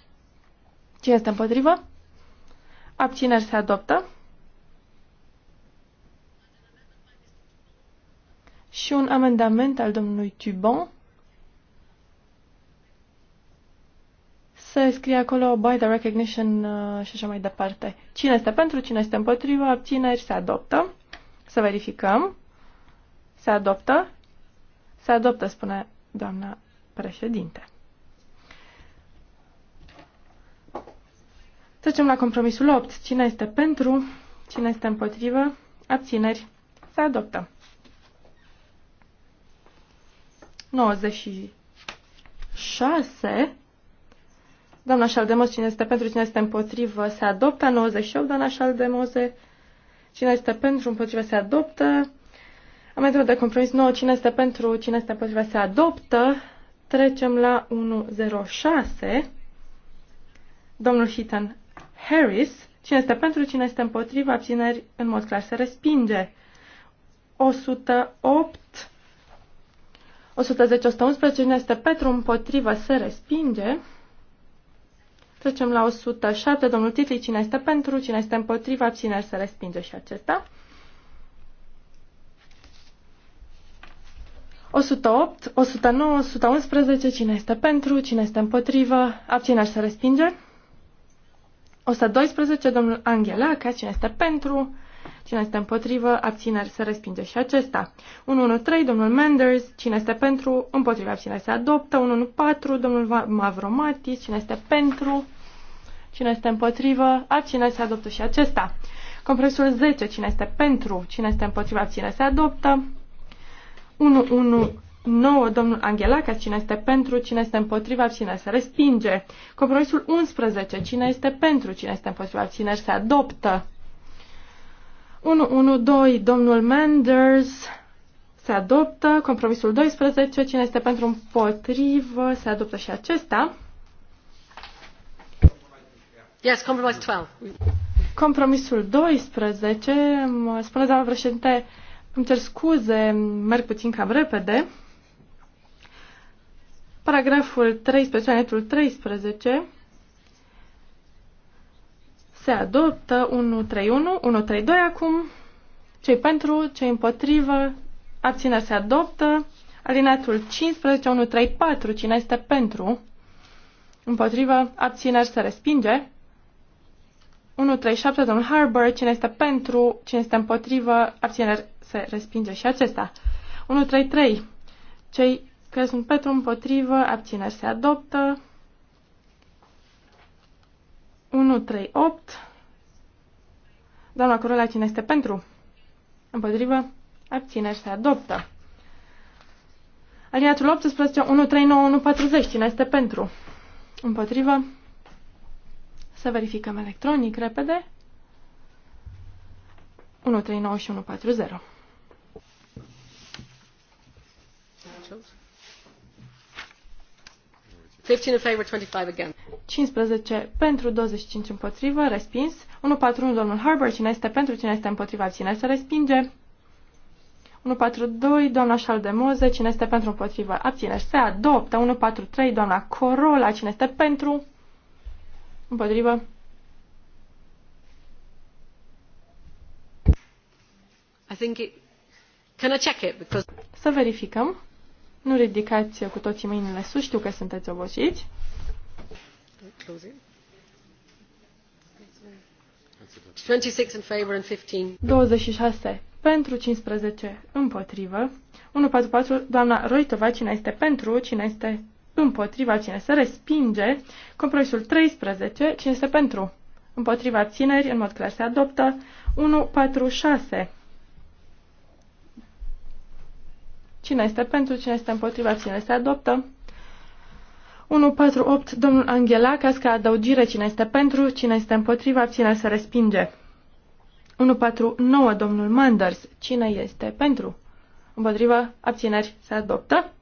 Cine este împotrivă? Abțineri se adoptă. și un amendament al domnului Tubon să scrie acolo by the recognition uh, și așa mai departe. Cine este pentru, cine este împotriva, abțineri, se adoptă. Să verificăm. Se adoptă. Se adoptă, spune doamna președinte. Trecem la compromisul 8. Cine este pentru, cine este împotrivă, abțineri, se adoptă. 96. Doamna Șaldemos, cine este pentru, cine este împotrivă, se adoptă. 98, doamna Șaldemoze, cine este pentru, împotrivă, se adoptă. Amendul de compromis 9, cine este pentru, cine este împotrivă, se adoptă. Trecem la 106. Domnul Hitan Harris, cine este pentru, cine este împotrivă, abțineri, în mod clar, se respinge. 108 110-111 cine este pentru, împotrivă, se respinge. Trecem la 107, domnul Titli, cine este pentru, cine este împotriva, cine se respinge și acesta. 108, 109, 111, cine este pentru, cine este împotrivă, abțineri, se respinge. 112, domnul Angela, ca cine este pentru, Cine este împotrivă, abțineri, se respinge și acesta. 113, domnul Menders. Cine este pentru, împotrivă, abțineri, se adoptă. 114, domnul Mavromatis. Cine este pentru, cine este împotrivă, abțineri, se adoptă și acesta. Compresul 10, cine este pentru, cine este împotrivă, abțineri, se adoptă. 111 9. Domnul Angelacas, cine este pentru, cine este împotriva, cine se respinge. Compromisul 11. Cine este pentru, cine este împotriva, cine se adoptă. 112, domnul Manders se adoptă, compromisul 12, cine este pentru împotrivă, se adoptă și acesta. Yes, compromise 12. Compromisul 12, spuneți, spune doamna președinte, îmi cer scuze, merg puțin cam repede. Paragraful 13, anetul 13, se adoptă 131, 132 acum. Cei pentru, cei împotrivă, abține se adoptă. Alinatul 15, 134, cine este pentru? Împotrivă, abțineri se respinge. 137, domnul Harbour, cine este pentru, cine este împotrivă, abțineri se respinge și acesta. 133, cei care sunt pentru, împotrivă, abțineri se adoptă. 1, 3, 8. Doamna Corola, cine este pentru? Împotrivă? Abțineri se adoptă. Aliniatul 18, 1, 3, 9, 1, 40. Cine este pentru? Împotrivă? Să verificăm electronic repede. 1, 3, 9 și 1, 4, 0. Fifteen in favor, twenty-five again. 15 pentru 25 împotrivă, respins. 1-4-1, domnul Harbour, cine este pentru, cine este împotriva, abține, se respinge. 142 doamna Șaldemoze, cine este pentru, împotrivă, abține, se adoptă. 143 doamna Corolla, cine este pentru, împotrivă. I think it... Can I check it? Because... Să verificăm. Nu ridicați cu toții mâinile sus, știu că sunteți obosiți. 26 15. pentru 15 împotrivă. 144 doamna Roitova cine este pentru, cine este împotriva, cine se respinge. Compromisul 13 cine este pentru. Împotriva țineri, în mod clar se adoptă 146. Cine este pentru, cine este împotriva, cine se adoptă 148, domnul Angelacas, ca adăugire, cine este pentru, cine este împotriva, cine să respinge. 149, domnul Manders, cine este pentru, împotriva, abțineri, se adoptă.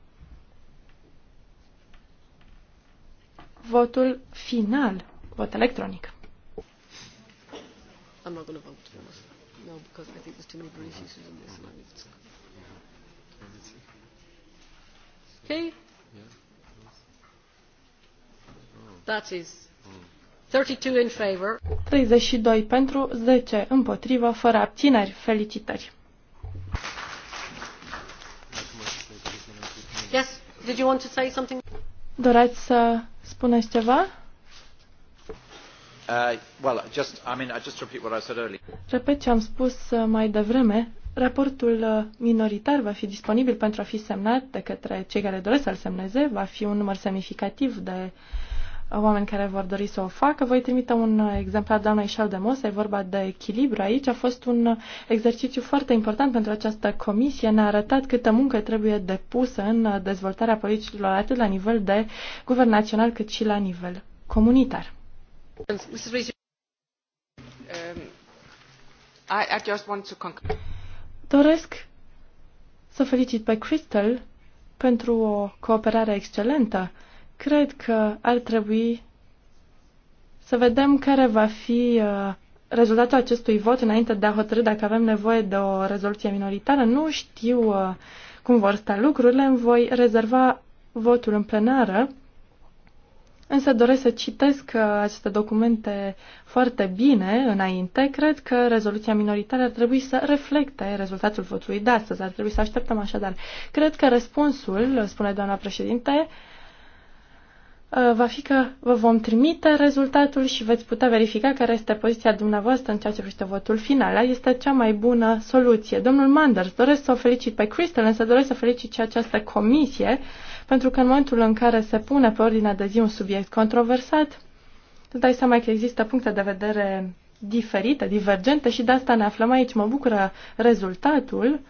Votul final, vot electronic. I'm not going vote for this. No, because I think there's too many British issues in this. Okay, That is 32 in favor. 32 pentru, 10 împotrivă, fără abțineri. Felicitări! Yes, did you want to say something? Doreați să spuneți ceva? Uh, well, just, I mean, I just repeat what I said earlier. Repet ce am spus uh, mai devreme. Raportul uh, minoritar va fi disponibil pentru a fi semnat de către cei care doresc să-l semneze. Va fi un număr semnificativ de uh, oameni care vor dori să o facă. Voi trimite un exemplar doamnei Șaldemos, e vorba de echilibru aici. A fost un exercițiu foarte important pentru această comisie. Ne-a arătat câtă muncă trebuie depusă în dezvoltarea politicilor atât la nivel de guvern național cât și la nivel comunitar. Um, Doresc să felicit pe Crystal pentru o cooperare excelentă Cred că ar trebui să vedem care va fi uh, rezultatul acestui vot înainte de a hotărâi dacă avem nevoie de o rezoluție minoritară. Nu știu uh, cum vor sta lucrurile, îmi voi rezerva votul în plenară, însă doresc să citesc uh, aceste documente foarte bine înainte. Cred că rezoluția minoritară ar trebui să reflecte rezultatul votului de astăzi, ar trebui să așteptăm așadar. Cred că răspunsul, spune doamna președinte, Uh, va fi că vă vom trimite rezultatul și veți putea verifica care este poziția dumneavoastră în ceea ce privește votul final. Este cea mai bună soluție. Domnul Manders, doresc să o felicit pe Crystal, însă doresc să felicit și această comisie, pentru că în momentul în care se pune pe ordinea de zi un subiect controversat, îți dai seama că există puncte de vedere diferite, divergente și de asta ne aflăm aici. Mă bucură rezultatul.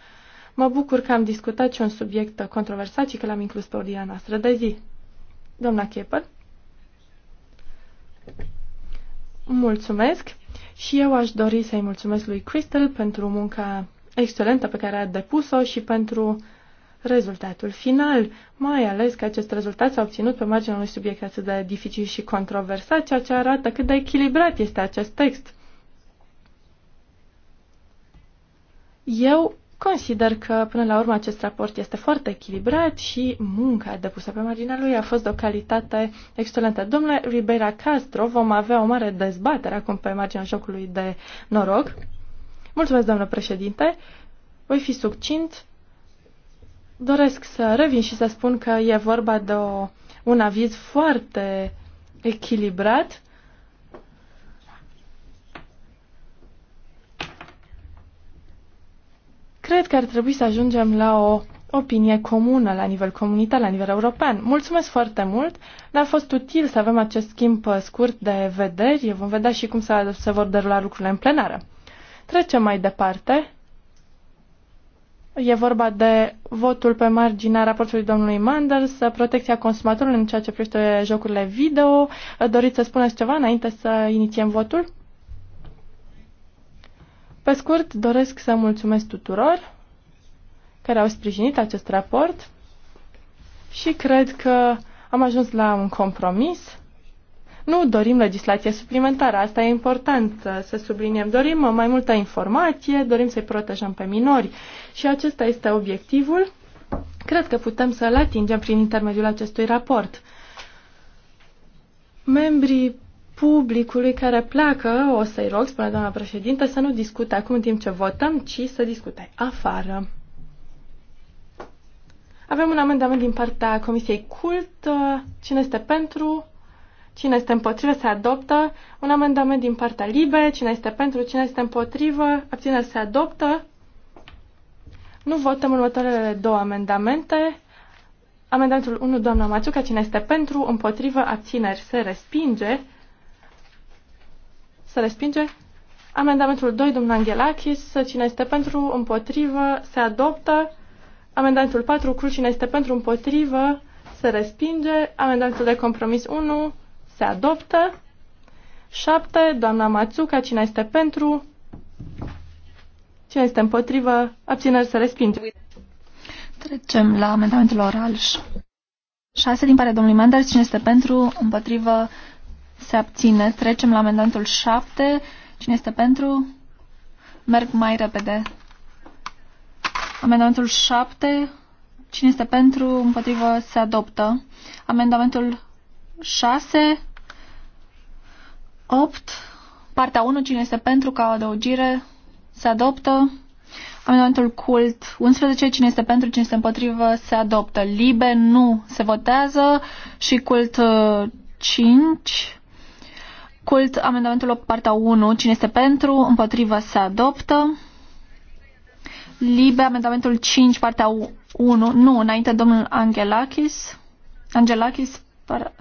Mă bucur că am discutat și un subiect controversat și că l-am inclus pe ordinea noastră de zi. Doamna Chepăr. Mulțumesc și eu aș dori să-i mulțumesc lui Crystal pentru munca excelentă pe care a depus-o și pentru rezultatul final, mai ales că acest rezultat s-a obținut pe marginea unui subiect atât de dificil și controversat, ceea ce arată cât de echilibrat este acest text. Eu Consider că, până la urmă, acest raport este foarte echilibrat și munca depusă pe marginea lui a fost de o calitate excelentă. Domnule Ribeira Castro, vom avea o mare dezbatere acum pe marginea jocului de noroc. Mulțumesc, doamnă președinte. Voi fi succint. Doresc să revin și să spun că e vorba de o, un aviz foarte echilibrat Cred că ar trebui să ajungem la o opinie comună la nivel comunitar, la nivel european. Mulțumesc foarte mult, ne a fost util să avem acest schimb uh, scurt de vederi. Vom vedea și cum se vor derula lucrurile în plenară. Trecem mai departe. E vorba de votul pe marginea raportului domnului Manders, uh, protecția consumatorului în ceea ce privește jocurile video. Uh, doriți să spuneți ceva înainte să inițiem votul? Pe scurt, doresc să mulțumesc tuturor care au sprijinit acest raport și cred că am ajuns la un compromis. Nu dorim legislație suplimentară, asta e important să subliniem. Dorim mai multă informație, dorim să-i protejăm pe minori și acesta este obiectivul. Cred că putem să-l atingem prin intermediul acestui raport. Membrii publicului care pleacă, o să-i rog, spune doamna președintă, să nu discute acum în timp ce votăm, ci să discute afară. Avem un amendament din partea Comisiei Cult. Cine este pentru? Cine este împotrivă? Se adoptă. Un amendament din partea Libe. Cine este pentru? Cine este împotrivă? Abțineri se adoptă. Nu votăm următoarele două amendamente. Amendamentul 1, doamna Maciuca, cine este pentru, împotrivă, abțineri, se respinge se respinge. Amendamentul 2, domnul Angelakis, cine este pentru, împotrivă, se adoptă. Amendamentul 4, cu cine este pentru, împotrivă, se respinge. Amendamentul de compromis 1, se adoptă. 7, doamna Mațuca, cine este pentru, cine este împotrivă, abțineri, se respinge. Trecem la amendamentul oral 6 din partea domnului Mandar, cine este pentru, împotrivă, se abține. Trecem la amendamentul 7. Cine este pentru? Merg mai repede. Amendamentul 7. Cine este pentru? Împotrivă se adoptă. Amendamentul 6. 8. Partea 1. Cine este pentru ca o adăugire? Se adoptă. Amendamentul cult 11. Cine este pentru? Cine este împotrivă? Se adoptă. Libe nu se votează. Și cult 5 uh, ascult amendamentul 8, partea 1. Cine este pentru? Împotrivă se adoptă. Libe, amendamentul 5, partea 1. Nu, înainte domnul Angelakis. Angelakis,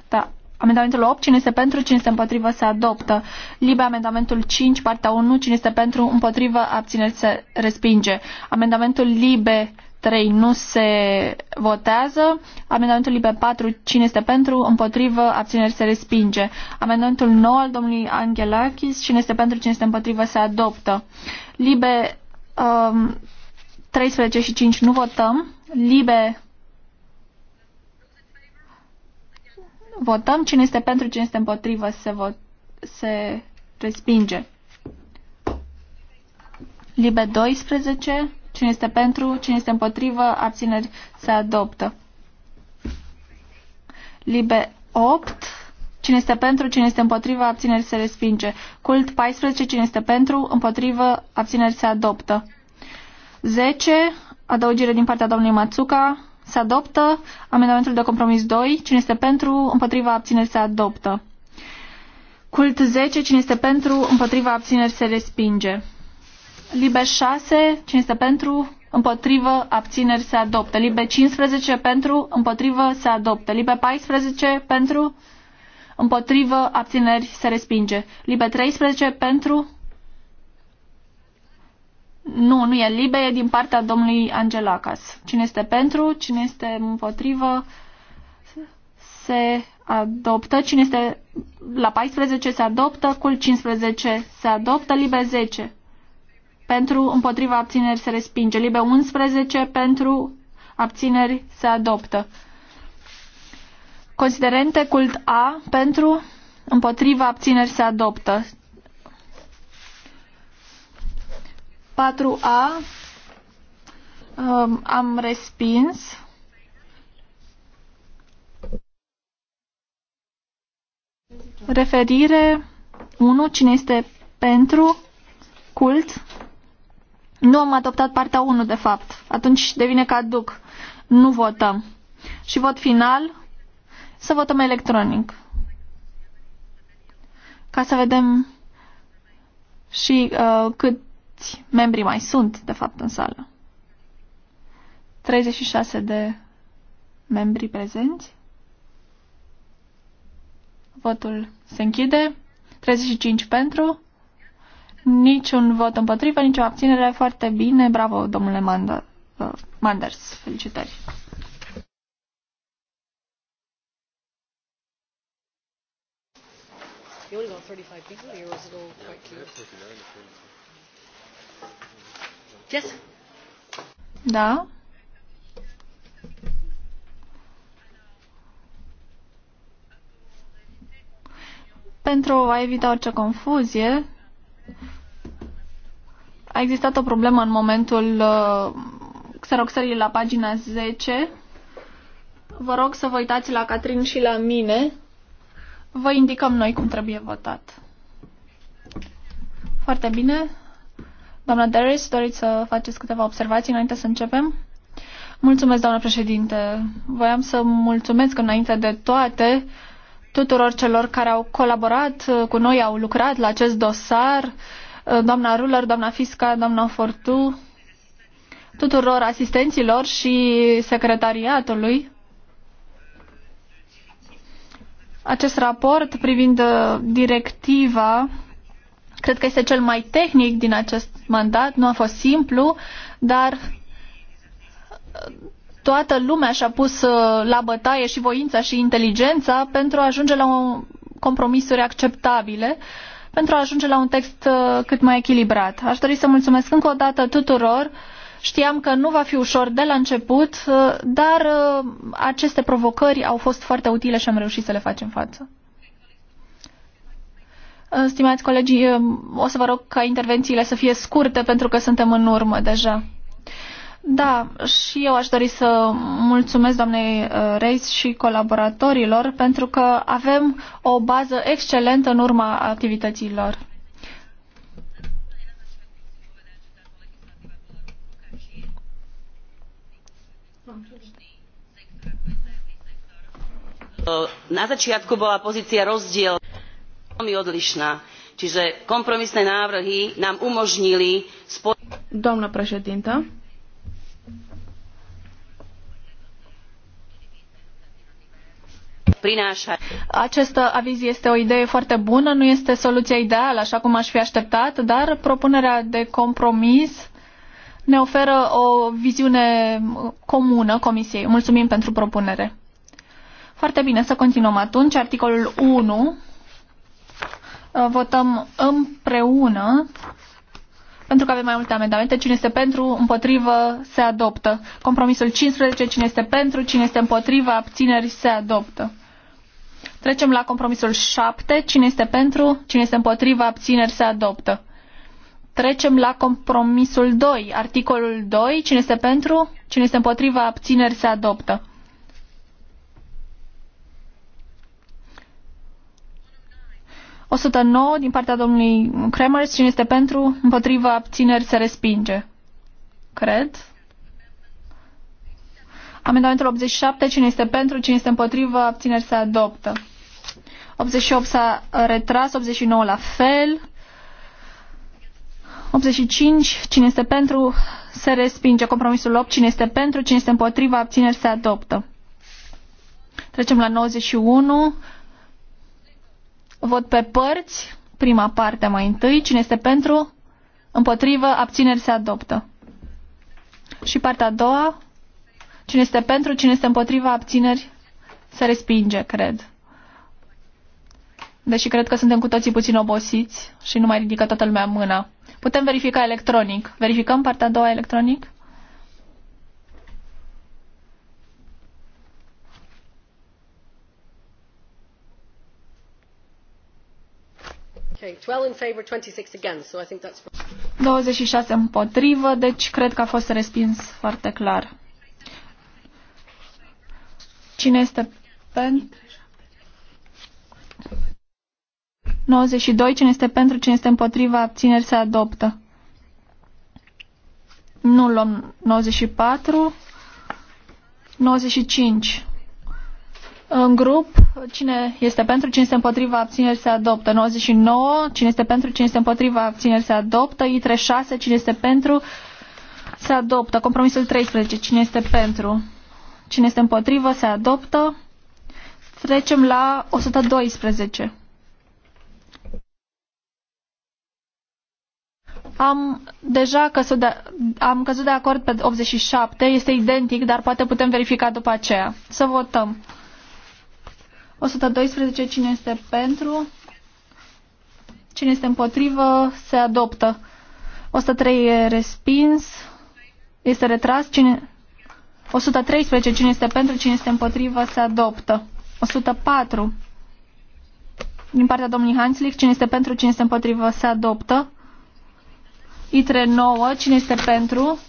da. Amendamentul 8, cine este pentru, cine este împotrivă, se adoptă. Libe, amendamentul 5, partea 1, cine este pentru, împotrivă, abțineri, se respinge. Amendamentul Libe, 3 nu se votează. Amendamentul liber 4, cine este pentru, împotrivă, abțineri se respinge. Amendamentul 9 al domnului Angelakis, cine este pentru, cine este împotrivă, se adoptă. Libe um, 13 și 5 nu votăm. Libe votăm. Cine este pentru, cine este împotrivă, se, vot, se respinge. Libe 12 Cine este pentru? Cine este împotrivă? Abțineri se adoptă. Libe 8. Cine este pentru? Cine este împotrivă? Abțineri se respinge. Cult 14. Cine este pentru? Împotrivă? Abțineri se adoptă. 10. Adăugire din partea domnului Matsuka. Se adoptă. Amendamentul de compromis 2. Cine este pentru? împotrivă, abțineri se adoptă. Cult 10. Cine este pentru? Împotriva abțineri se respinge. Libe 6, cine este pentru, împotrivă, abțineri se adoptă. Libe 15 pentru, împotrivă, se adoptă. Libe 14 pentru, împotrivă, abțineri se respinge. Libe 13 pentru, nu, nu e libe, e din partea domnului Angelacas. Cine este pentru, cine este împotrivă, se adoptă. Cine este la 14 se adoptă, cul 15 se adoptă, libe 10 pentru, împotriva abțineri se respinge. Libe 11 pentru, abțineri se adoptă. Considerente cult A pentru, împotriva abțineri se adoptă. 4A um, am respins. Referire 1. Cine este pentru? Cult nu am adoptat partea 1, de fapt. Atunci devine caduc. Nu votăm. Și vot final, să votăm electronic. Ca să vedem și uh, câți membri mai sunt, de fapt, în sală. 36 de membri prezenți. Votul se închide. 35 pentru, Niciun vot împotrivă, nicio abținere. Foarte bine. Bravo, domnule uh, Manders. Felicitări. Da. Pentru a evita orice confuzie, a existat o problemă în momentul uh, xeroxării la pagina 10. Vă rog să vă uitați la Catrin și la mine. Vă indicăm noi cum trebuie votat. Foarte bine. Doamna Darius, doriți să faceți câteva observații înainte să începem? Mulțumesc, doamnă președinte. Voiam să mulțumesc înainte de toate tuturor celor care au colaborat uh, cu noi, au lucrat la acest dosar. Uh, doamna Ruller, doamna Fisca, doamna Fortu, tuturor asistenților și secretariatului. Acest raport privind uh, directiva cred că este cel mai tehnic din acest mandat, nu a fost simplu, dar uh, toată lumea și-a pus uh, la bătaie și voința și inteligența pentru a ajunge la compromisuri acceptabile uh, pentru a ajunge la un text uh, cât mai echilibrat. Aș dori să mulțumesc încă o dată tuturor. Știam că nu va fi ușor de la început, uh, dar uh, aceste provocări au fost foarte utile și am reușit să le facem față. Stimați colegi, o să vă rog ca intervențiile să fie scurte pentru că suntem în urmă deja. Da, și eu aș dori să mulțumesc doamnei uh, Reis și colaboratorilor pentru că avem o bază excelentă în urma activităților. Na začiatku bola pozícia rozdiel veľmi odlišná, čiže kompromisné návrhy nám umožnili... Doamnă președintă, prin așa. Acest aviz este o idee foarte bună, nu este soluția ideală, așa cum aș fi așteptat, dar propunerea de compromis ne oferă o viziune comună Comisiei. Mulțumim pentru propunere. Foarte bine, să continuăm atunci. Articolul 1. Votăm împreună pentru că avem mai multe amendamente. Cine este pentru, împotrivă, se adoptă. Compromisul 15, cine este pentru, cine este împotrivă, abțineri, se adoptă. Trecem la compromisul 7. Cine este pentru? Cine este împotriva? Abțineri se adoptă. Trecem la compromisul 2. Articolul 2. Cine este pentru? Cine este împotriva? Abțineri se adoptă. O 109 din partea domnului Kremers. Cine este pentru? Împotriva? Abțineri se respinge. Cred. Amendamentul 87, cine este pentru, cine este împotrivă, abțineri se adoptă. 88 s-a retras, 89 la fel. 85, cine este pentru, se respinge. Compromisul 8, cine este pentru, cine este împotrivă, abțineri se adoptă. Trecem la 91. Vot pe părți. Prima parte mai întâi. Cine este pentru? Împotrivă, abțineri se adoptă. Și partea a doua, Cine este pentru, cine este împotriva, abțineri, se respinge, cred. Deși cred că suntem cu toții puțin obosiți și nu mai ridică toată lumea mâna. Putem verifica electronic. Verificăm partea a doua electronic? Okay, 12 in favor, 26 against, so I think that's 26 împotrivă, deci cred că a fost respins foarte clar. Cine este pentru? 92. Cine este pentru, cine este împotriva, abțineri se adoptă. Nu luăm 94. 95. În grup, cine este pentru, cine este împotriva, abțineri se adoptă. 99, cine este pentru, cine este împotriva, abțineri se adoptă. I36, cine este pentru, se adoptă. Compromisul 13, cine este pentru, Cine este împotrivă se adoptă. Trecem la 112. Am deja căzut de, am căzut de acord pe 87, este identic, dar poate putem verifica după aceea. Să votăm. 112, cine este pentru? Cine este împotrivă, se adoptă. 103 e respins, este retras. Cine, 113. Cine este pentru, cine este împotrivă, se adoptă. 104. Din partea domnului Hanslick, cine este pentru, cine este împotrivă, se adoptă. ITRE 9. Cine este pentru,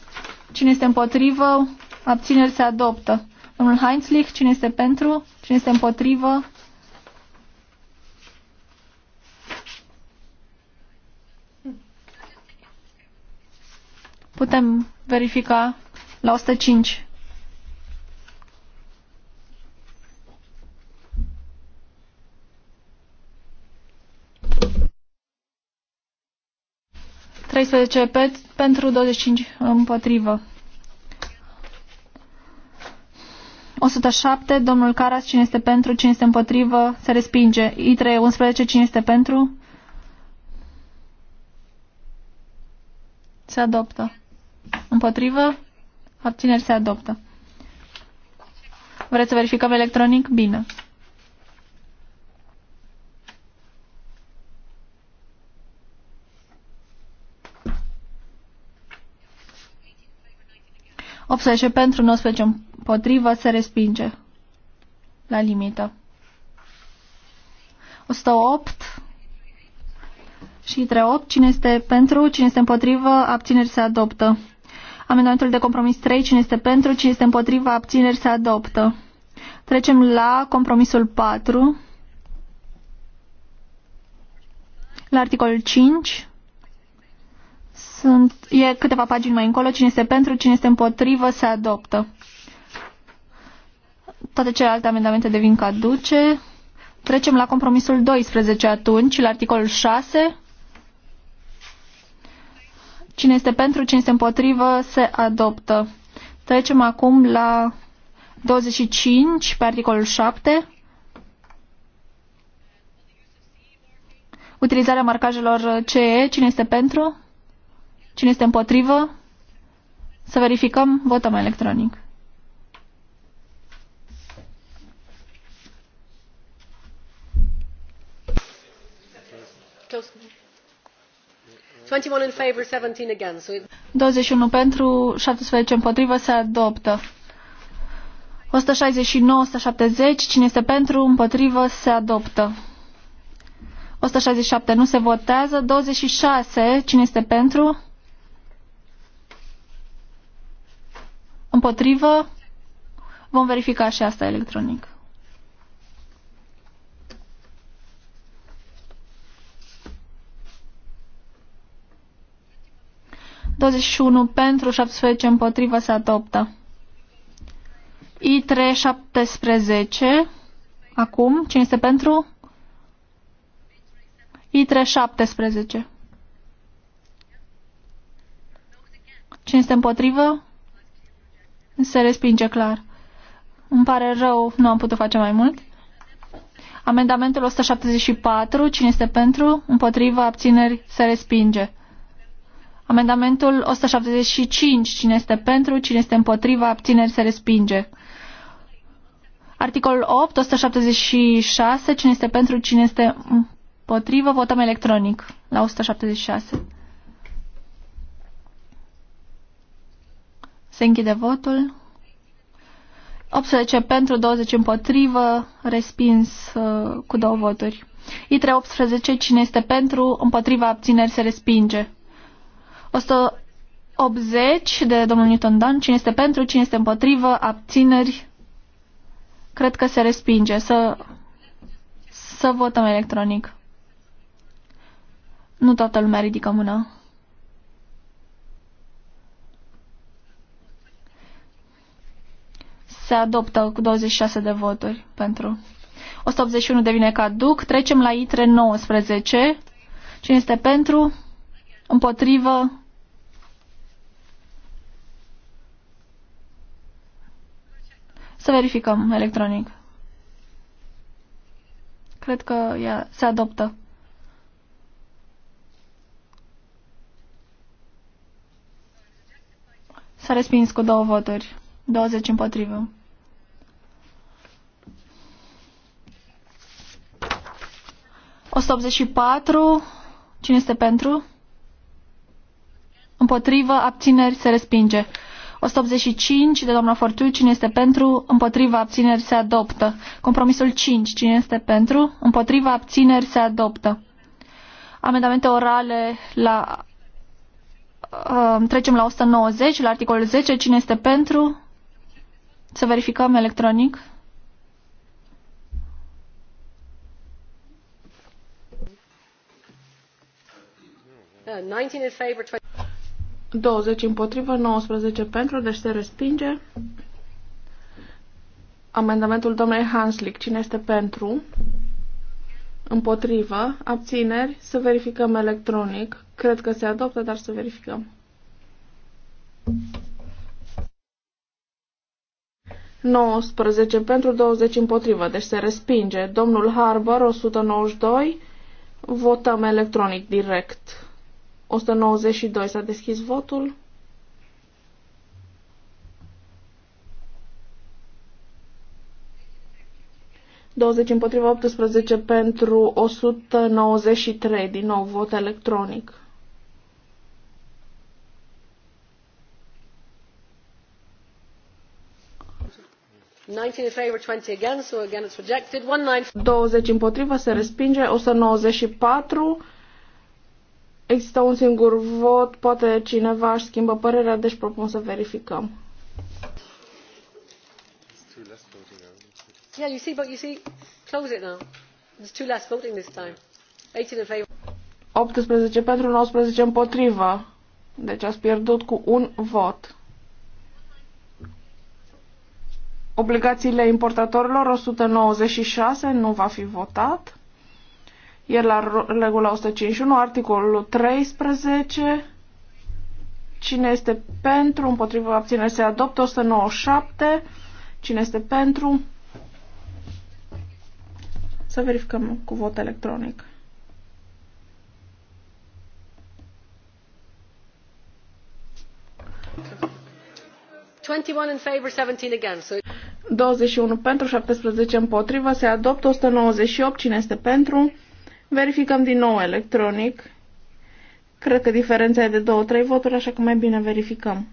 cine este împotrivă, abțineri, se adoptă. Domnul Hanslick, cine este pentru, cine este împotrivă, Putem verifica la 105. 13 pe, pentru 25 împotrivă. 107, domnul Caras, cine este pentru, cine este împotrivă, se respinge. I3, 11, cine este pentru? Se adoptă. Împotrivă? Abțineri se adoptă. Vreți să verificăm electronic? Bine. 18 pentru, 19 împotrivă, se respinge la limită. 108 și 38. Cine este pentru, cine este împotrivă, abțineri se adoptă. Amendamentul de compromis 3. Cine este pentru, cine este împotrivă, abțineri se adoptă. Trecem la compromisul 4. La articolul 5. Sunt, e câteva pagini mai încolo, cine este pentru, cine este împotrivă, se adoptă. Toate celelalte amendamente devin caduce. Trecem la compromisul 12 atunci, la articolul 6. Cine este pentru, cine este împotrivă, se adoptă. Trecem acum la 25, pe articolul 7. Utilizarea marcajelor CE, cine este pentru? Cine este împotrivă? Să verificăm. Votăm electronic. In favor, 17 again, so it... 21 pentru, 17 împotrivă, se adoptă. 169, 170, cine este pentru, împotrivă, se adoptă. 167 nu se votează. 26, cine este pentru? Împotrivă? Vom verifica și asta electronic. ...21 pentru, 17 împotrivă se adoptă. i 17 acum, cine este pentru? i 17 Cine este împotrivă? Se respinge clar. Îmi pare rău, nu am putut face mai mult. Amendamentul 174, cine este pentru, împotriva, abțineri, se respinge. Amendamentul 175, cine este pentru, cine este împotriva, abțineri, se respinge. Articolul 8, 176, cine este pentru, cine este împotrivă, votăm electronic la 176. Se închide votul. 18 pentru, 20 împotrivă, respins uh, cu două voturi. ITRE 18, cine este pentru, împotriva abțineri se respinge. 180 de domnul Newton Dan, cine este pentru, cine este împotrivă, abțineri, cred că se respinge. Să, să votăm electronic. Nu toată lumea ridică mâna. se adoptă cu 26 de voturi pentru. 181 devine caduc. Trecem la ITRE 19. Cine este pentru? Împotrivă? Să verificăm electronic. Cred că ea se adoptă. S-a respins cu două voturi. 20 împotrivă. 184. Cine este pentru? Împotrivă, abțineri, se respinge. 185 de doamna Fortiu, cine este pentru, împotriva abțineri se adoptă. Compromisul 5, cine este pentru, împotriva abțineri se adoptă. Amendamente orale la... Uh, trecem la 190, la articolul 10, cine este pentru? Să verificăm electronic. 20... Uh, împotrivă, 19 pentru, deci se respinge. Amendamentul domnului Hanslick. Cine este pentru? Împotrivă. Abțineri. Să verificăm electronic. Cred că se adoptă, dar să verificăm. Nouăsprezece pentru 20 împotrivă, deci se respinge. Domnul Harbour, 192, votăm electronic direct. 192. S-a deschis votul. Douăzeci împotriva 18 pentru 193. Din nou, vot electronic. douăzeci împotrivă se respinge o sută nouăzeci Există un singur vot, poate cineva își schimbă părerea, deci propun să verificăm. Yeah, you see, but you see, close it now. There's two less voting this time. 18 in favor. 18 pentru 19 împotrivă. Deci ați pierdut cu un vot. Obligațiile importatorilor 196 nu va fi votat iar la regula 151, articolul 13, cine este pentru, împotriva abținere se adoptă, 197, cine este pentru, să verificăm cu vot electronic. In favor, 17 against. 21 pentru, 17 împotrivă, se adoptă 198, cine este pentru? Verificăm din nou electronic. Cred că diferența e de 2-3 voturi, așa că mai bine verificăm.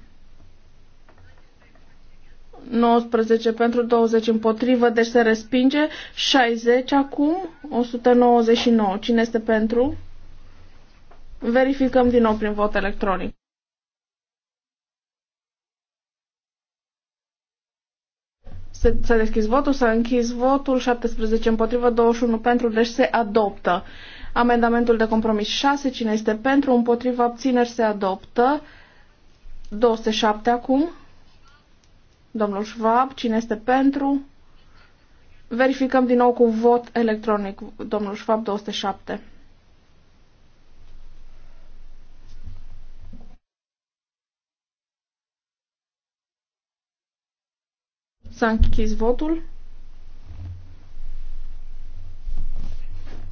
19 pentru 20 împotrivă, deci se respinge. 60 acum, 199. Cine este pentru? Verificăm din nou prin vot electronic. S-a deschis votul, s-a închis votul, 17 împotrivă, 21 pentru, deci se adoptă. Amendamentul de compromis 6, cine este pentru, împotrivă, abțineri, se adoptă. 207 acum. Domnul Schwab, cine este pentru? Verificăm din nou cu vot electronic, domnul Schwab 207. S-a închis votul.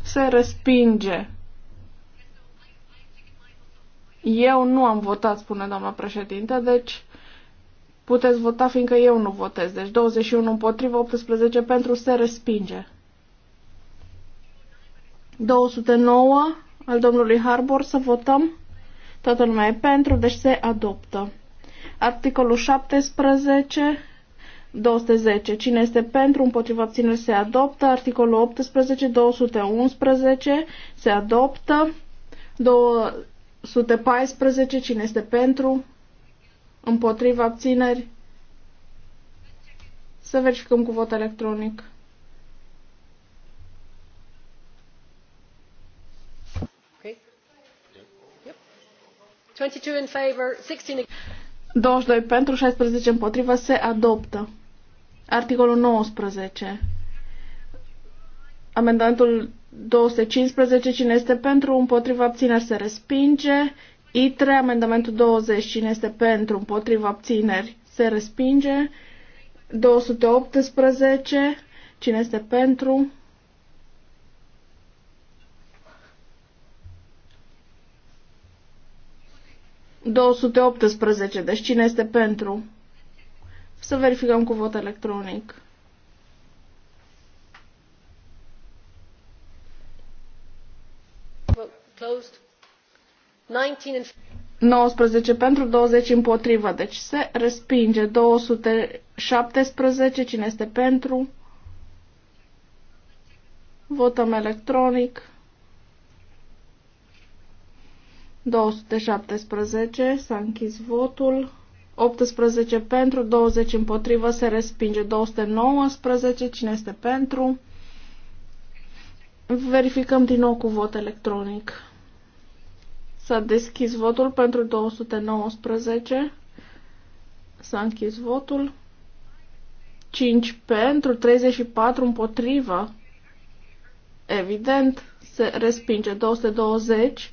Se respinge. Eu nu am votat, spune doamna președinte, deci puteți vota fiindcă eu nu votez. Deci 21 împotriva, 18 pentru, se respinge. 209 al domnului Harbor să votăm. Toată lumea e pentru, deci se adoptă. Articolul 17 210. Cine este pentru, împotriva abținere se adoptă. Articolul 18, 211 se adoptă. 214. Cine este pentru, împotriva abțineri. Să verificăm cu vot electronic. Okay. Yep. 22 in favor, 16 22 pentru, 16 împotriva, se adoptă. Articolul 19. Amendamentul 215. Cine este pentru? Împotriva abțineri se respinge. I3. Amendamentul 20. Cine este pentru? Împotriva abțineri se respinge. 218. Cine este pentru? ...218. Deci cine este pentru? Să verificăm cu vot electronic. Closed. 19... 19 pentru 20 împotrivă, deci se respinge 217, cine este pentru? Votăm electronic. 217, s-a închis votul. 18 pentru, 20 împotrivă, se respinge 219. Cine este pentru? Verificăm din nou cu vot electronic. S-a deschis votul pentru 219. S-a închis votul. 5 pentru, 34 împotrivă. Evident, se respinge 220.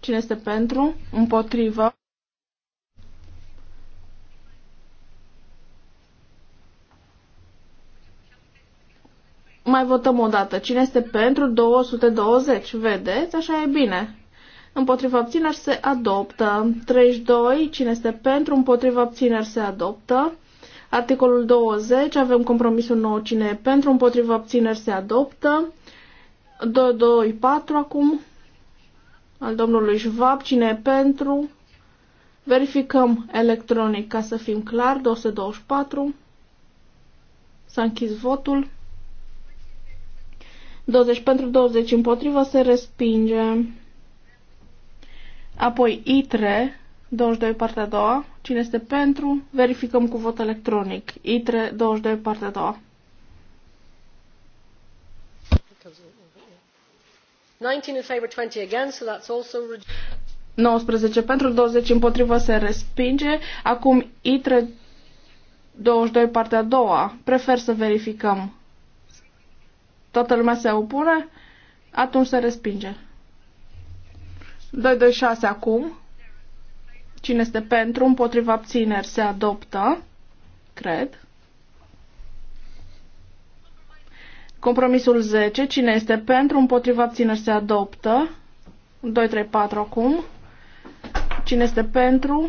Cine este pentru? Împotrivă. Mai votăm o dată. Cine este pentru 220? Vedeți? Așa e bine. Împotriva abțineri se adoptă. 32. Cine este pentru? Împotriva abțineri se adoptă. Articolul 20. Avem compromisul nou. Cine e pentru? Împotriva abțineri se adoptă. 224 acum. Al domnului Schwab. Cine e pentru? Verificăm electronic ca să fim clar. 224. S-a închis votul. 20 pentru 20 împotrivă se respinge. Apoi I3 22 partea a doua. Cine este pentru? Verificăm cu vot electronic. I3 22 partea a doua. 19 20 19 pentru 20 împotrivă se respinge. Acum I3 22 partea a doua. Prefer să verificăm toată lumea se opune, atunci se respinge. 226 acum. Cine este pentru, împotriva abțineri, se adoptă, cred. Compromisul 10. Cine este pentru, împotriva abțineri, se adoptă. 2, 3, 4 acum. Cine este pentru,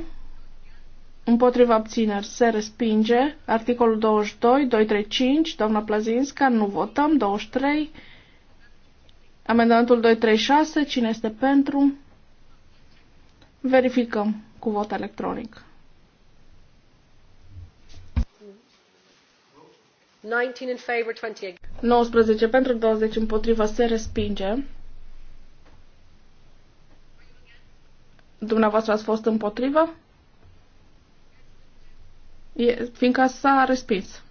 împotriva abțineri se respinge. Articolul 22, 235, doamna Plazinska, nu votăm. 23, amendamentul 236, cine este pentru? Verificăm cu vot electronic. 19, in favor, 20. 19 pentru 20 împotriva se respinge. Dumneavoastră ați fost împotrivă? E, fiindcă s-a respins.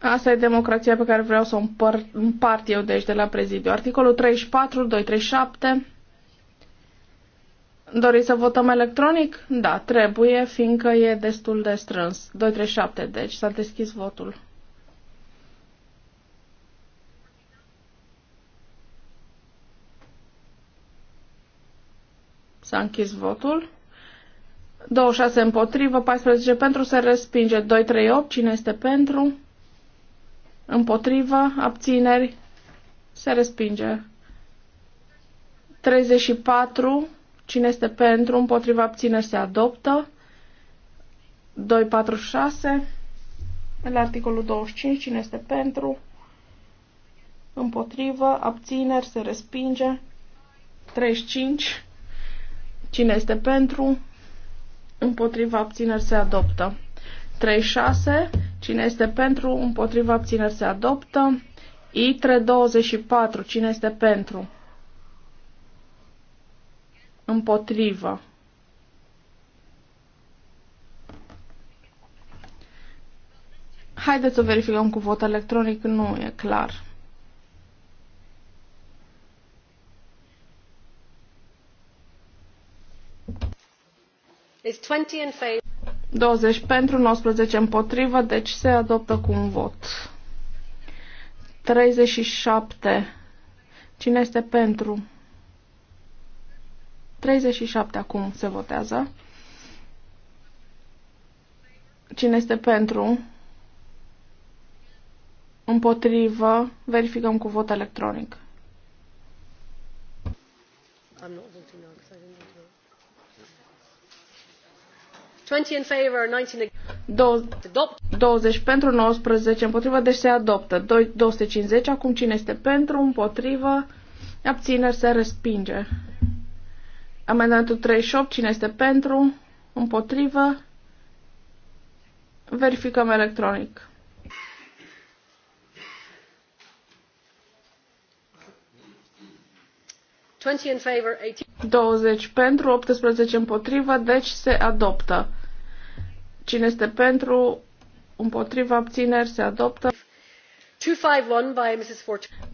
Asta e democrația pe care vreau să o împăr, împart eu deci, de la prezidiu. Articolul 34, 237. Doriți să votăm electronic? Da, trebuie, fiindcă e destul de strâns. 237, deci s-a deschis votul. S-a închis votul. 26 împotrivă, 14 pentru, se respinge. 2, 3, 8, cine este pentru? Împotrivă, abțineri, se respinge. 34, cine este pentru, împotrivă, abțineri, se adoptă. 2, 4, 6, în articolul 25, cine este pentru? Împotrivă, abțineri, se respinge. 35, cine este pentru? împotriva abțineri se adoptă. 36. Cine este pentru, împotriva abțineri se adoptă. I324. Cine este pentru? Împotrivă. Haideți să verificăm cu vot electronic, nu e clar. 20 pentru, 19 împotrivă, deci se adoptă cu un vot. 37. Cine este pentru? 37 acum se votează. Cine este pentru? Împotrivă. Verificăm cu vot electronic. I'm not voting now. 20 19 20 pentru, 19 împotrivă, deci se adoptă. 250, acum cine este pentru, împotrivă, abțineri, se respinge. Amendamentul 38, cine este pentru, împotrivă, verificăm electronic. In favor, 20 pentru, 18 împotrivă, deci se adoptă. Cine este pentru? Împotriva abțineri se adoptă.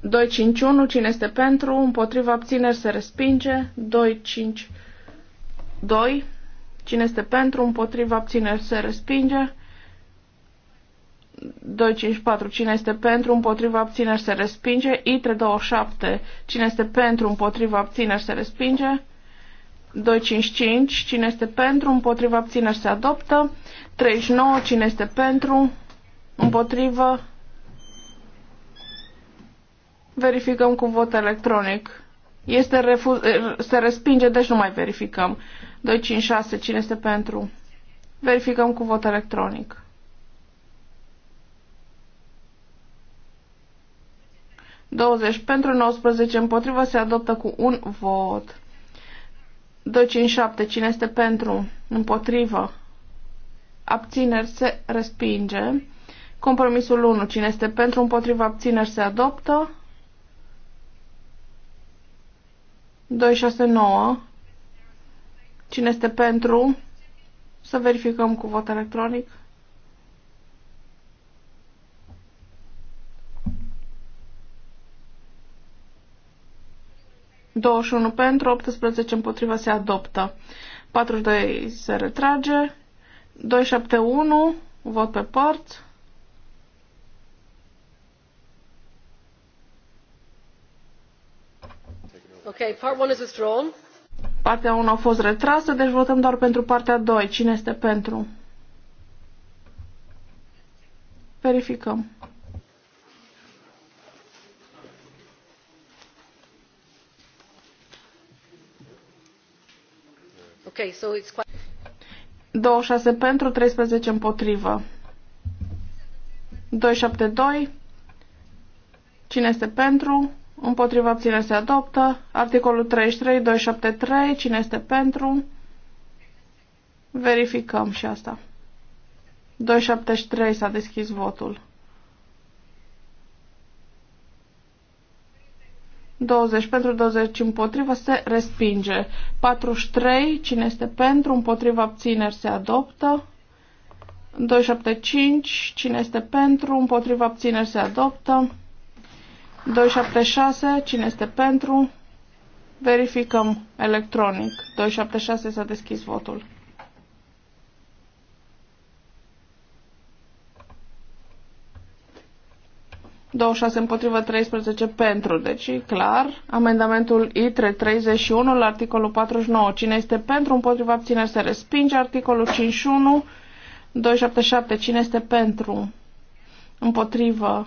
251 cine este pentru, împotriva abțineri se respinge. 252 cine este pentru, împotriva abțineri se respinge. 254 cine este pentru, împotriva abțineri se respinge. I327 cine este pentru, împotriva abțineri se respinge. 255, cine este pentru, împotriva abțineri se adoptă. 39, cine este pentru, împotrivă. Verificăm cu vot electronic. Este refuz, er, se respinge, deci nu mai verificăm. 256, cine este pentru? Verificăm cu vot electronic. Douăzeci pentru 19 împotrivă se adoptă cu un vot. 257. Cine este pentru? Împotrivă. Abțineri se respinge. Compromisul 1. Cine este pentru? Împotrivă. Abțineri se adoptă. 269. Cine este pentru? Să verificăm cu vot electronic. 21 pentru, 18 împotriva se adoptă. 42 se retrage. 271, vot pe părți. Okay, part one is withdrawn. Partea 1 a fost retrasă, deci votăm doar pentru partea 2. Cine este pentru? Verificăm. Okay, so it's quite... 26 pentru, 13 împotrivă. 272. Cine este pentru? Împotriva abține se adoptă. Articolul 33, 273. Cine este pentru? Verificăm și asta. 273 s-a deschis votul. 20 pentru 20 împotrivă se respinge. 43, cine este pentru, împotriva abțineri se adoptă. 275, cine este pentru, împotriva abțineri se adoptă. 276, cine este pentru, verificăm electronic. 276 s-a deschis votul. 26 împotrivă 13 pentru. Deci, clar, amendamentul ITRE 31 la articolul 49. Cine este pentru, împotriva abțineri se respinge. Articolul 51, 277. Cine este pentru, împotrivă,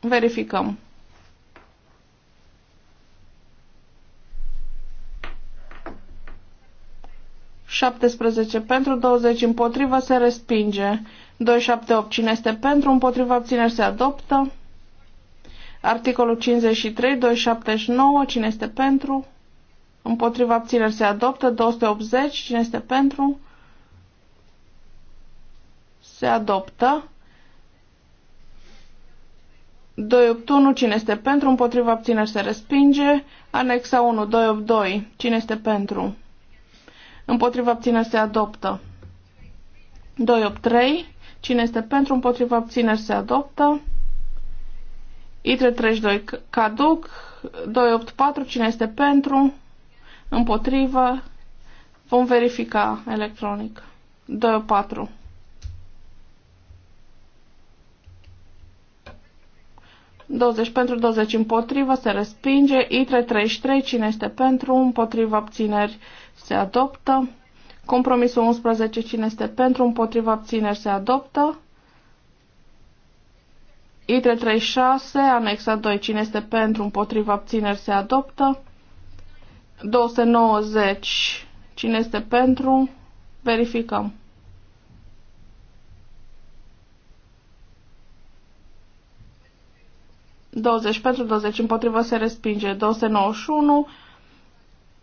verificăm. șaptesprezece pentru, 20 împotrivă, se respinge. 278. Cine este pentru? Împotriva abțineri se adoptă. Articolul 53. 279. Cine este pentru? Împotriva abțineri se adoptă. 280. Cine este pentru? Se adoptă. 281. Cine este pentru? Împotriva abțineri se respinge. Anexa 1. 282. Cine este pentru? Împotriva abțineri se adoptă. 283. Cine este pentru, împotriva, obțineri se adoptă. ITRE 32 caduc. 284. Cine este pentru, împotrivă, vom verifica electronic. 284. Douăzeci pentru, 20 împotrivă, se respinge. ITRE 33, cine este pentru, împotriva obțineri se adoptă. Compromisul 11, cine este pentru, împotriva, abțineri, se adoptă. ITRE 36, anexa 2, cine este pentru, împotriva, abțineri, se adoptă. 290, cine este pentru, verificăm. Douăzeci pentru, 20 împotriva se respinge. 291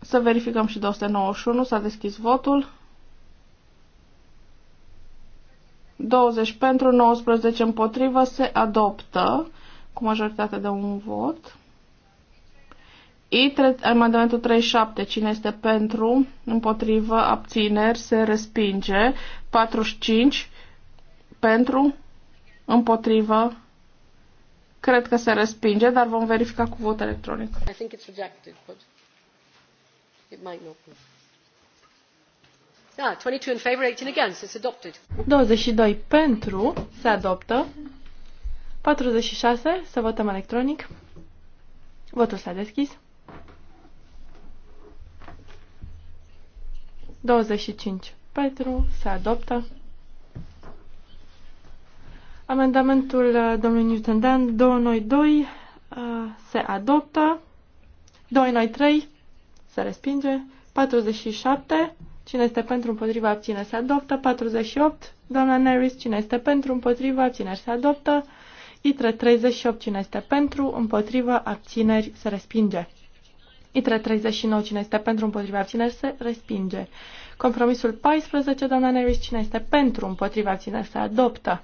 să verificăm și 291, s-a deschis votul. 20 pentru, 19 împotrivă, se adoptă cu majoritate de un vot. I, amendamentul 37, cine este pentru, împotrivă, abțineri, se respinge. 45, pentru, împotrivă, cred că se respinge, dar vom verifica cu vot electronic. I think it's rejected, but... 22 ah, pentru se adoptă. 46 să votăm electronic. Votul s-a deschis. 25 pentru se adoptă. Amendamentul uh, domnului Newton Dan 292 uh, se adoptă. 293 se respinge. 47, cine este pentru, împotriva, abțineri, se adoptă. 48, doamna Neris, cine este pentru, împotriva, abțineri, se adoptă. ITRE 38, cine este pentru, împotriva, abțineri, se respinge. ITRE 39, cine este pentru, împotriva, abțineri, se respinge. Compromisul 14, doamna Neris, cine este pentru, împotriva, abțineri, se adoptă.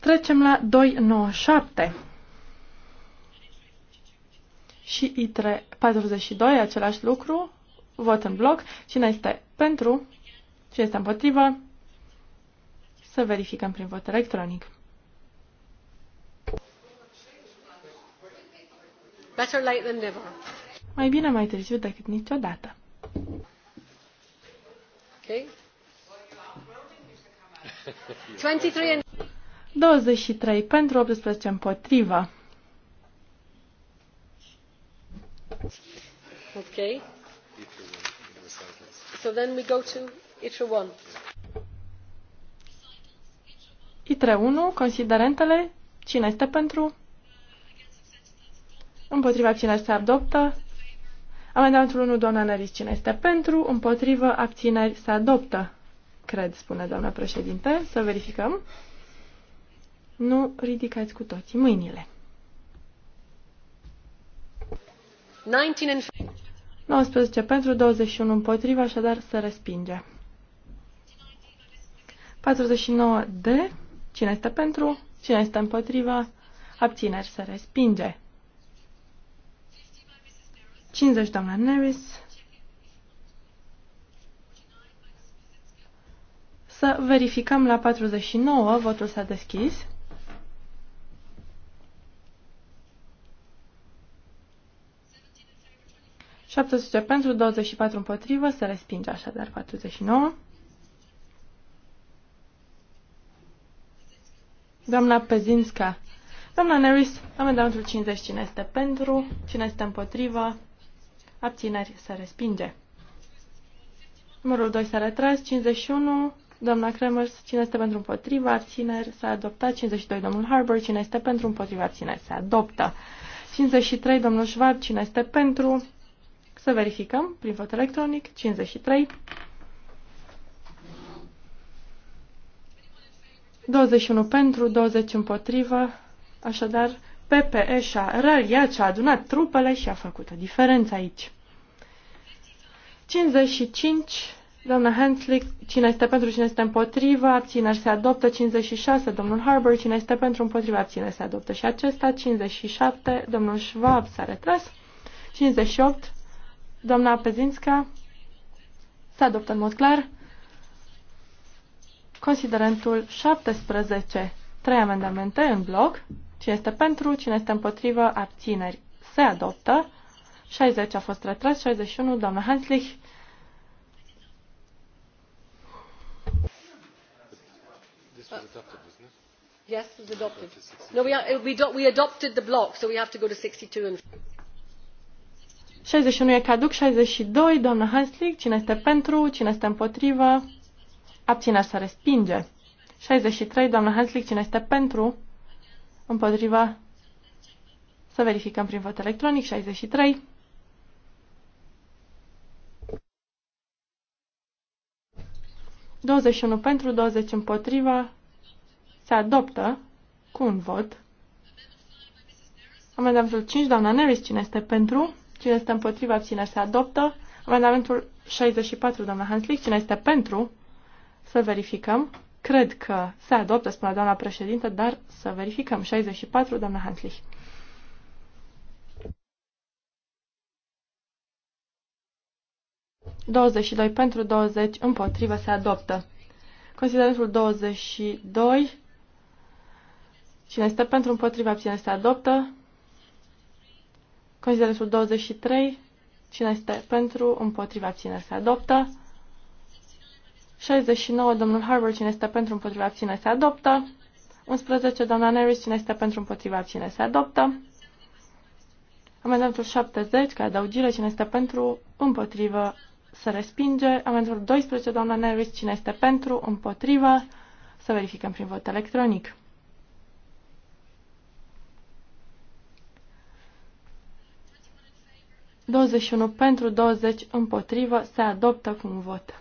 Trecem la 297 și ITRE 42, același lucru, vot în bloc. Cine este pentru? Cine este împotrivă? Să verificăm prin vot electronic. Better late than never. Mai bine mai târziu decât niciodată. Okay. 23 pentru 18 împotrivă. ITRE 1. ITRE 1, considerentele, cine este pentru? Împotriva cine se adoptă? Amendamentul 1, doamna Neris, cine este pentru? Împotrivă, abțineri, se adoptă. Cred, spune doamna președinte. Să verificăm. Nu ridicați cu toții mâinile. 19 pentru, 21 împotriva, așadar se respinge. 49 de. Cine este pentru? Cine este împotriva? Abțineri se respinge. 50 doamna Nevis. Să verificăm la 49. Votul s-a deschis. 17 pentru, 24 împotrivă, se respinge așadar 49. Doamna Pezinska. Doamna Neris, amendamentul 50, cine este pentru, cine este împotrivă, abțineri, se respinge. Numărul 2 s-a retras, 51, doamna Kremers, cine este pentru împotrivă, abțineri, s-a adoptat, 52, domnul Harbour, cine este pentru împotrivă, abțineri, se adoptă. 53, domnul Schwab, cine este pentru, să verificăm prin vot electronic. 53. 21 pentru, 20 împotrivă. Așadar, PPE și-a răliat și a adunat trupele și a făcut o diferență aici. 55. Doamna Hensley, cine este pentru, cine este împotrivă, abțineri se adoptă. 56. Domnul Harbour, cine este pentru, împotrivă, abțineri se adoptă. Și acesta, 57. Domnul Schwab s-a retras. 58. Doamna Pezinska se adoptă în mod clar considerentul 17. Trei amendamente în bloc. Cine este pentru, cine este împotrivă, abțineri. Se adoptă. 60 a fost retras, 61, doamna Hanslich. Yes, it was adopted. No, we, we, we adopted the block, so we have to go to 62 and... 61 e caduc, 62, doamna Hanslick, cine este pentru, cine este împotrivă, abținea să respinge. 63, doamna Hanslick, cine este pentru, împotriva, să verificăm prin vot electronic, 63. Douăzeci unu pentru, 20 împotriva, se adoptă cu un vot. Amendamentul 5, doamna Neris, cine este pentru? Cine este împotriva, abține, se adoptă. Amendamentul 64, doamna Hanslick. Cine este pentru? Să verificăm. Cred că se adoptă, spune doamna președintă, dar să verificăm. 64, doamna Hanslick. doi pentru 20 împotrivă se adoptă. Considerentul 22. Cine este pentru împotriva abține se adoptă. Considerentul 23. Cine este pentru? Împotriva abțineri se adoptă. 69. Domnul Harbour. Cine este pentru? Împotriva abțineri se adoptă. 11. Doamna Neris. Cine este pentru? Împotriva abțineri se adoptă. Amendamentul 70. Ca adăugire. Cine este pentru? Împotrivă se respinge. Amendamentul 12. Doamna Neris. Cine este pentru? Împotriva. Să verificăm prin vot electronic. 21 pentru, 20 împotrivă, se adoptă cu un vot.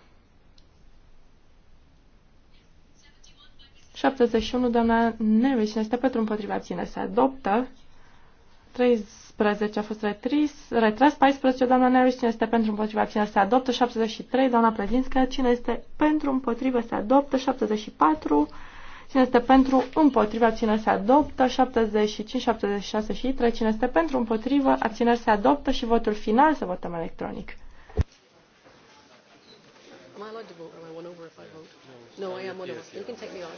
71, doamna Nevis, cine este pentru împotriva ține, se adoptă. 13 a fost retris, retras, 14 doamna Nevis, cine este pentru împotriva, cine se adoptă, 73 doamna Plezinscă, cine este pentru împotriva, se adoptă, 74 Cine este pentru, împotriva, abțineri se adoptă. 75, 76 și 3. Cine este pentru, împotriva, abțineri se adoptă. Și votul final să votăm electronic. Am I allowed to vote? Am I one over if I vote? No, I am one over. You can take me out.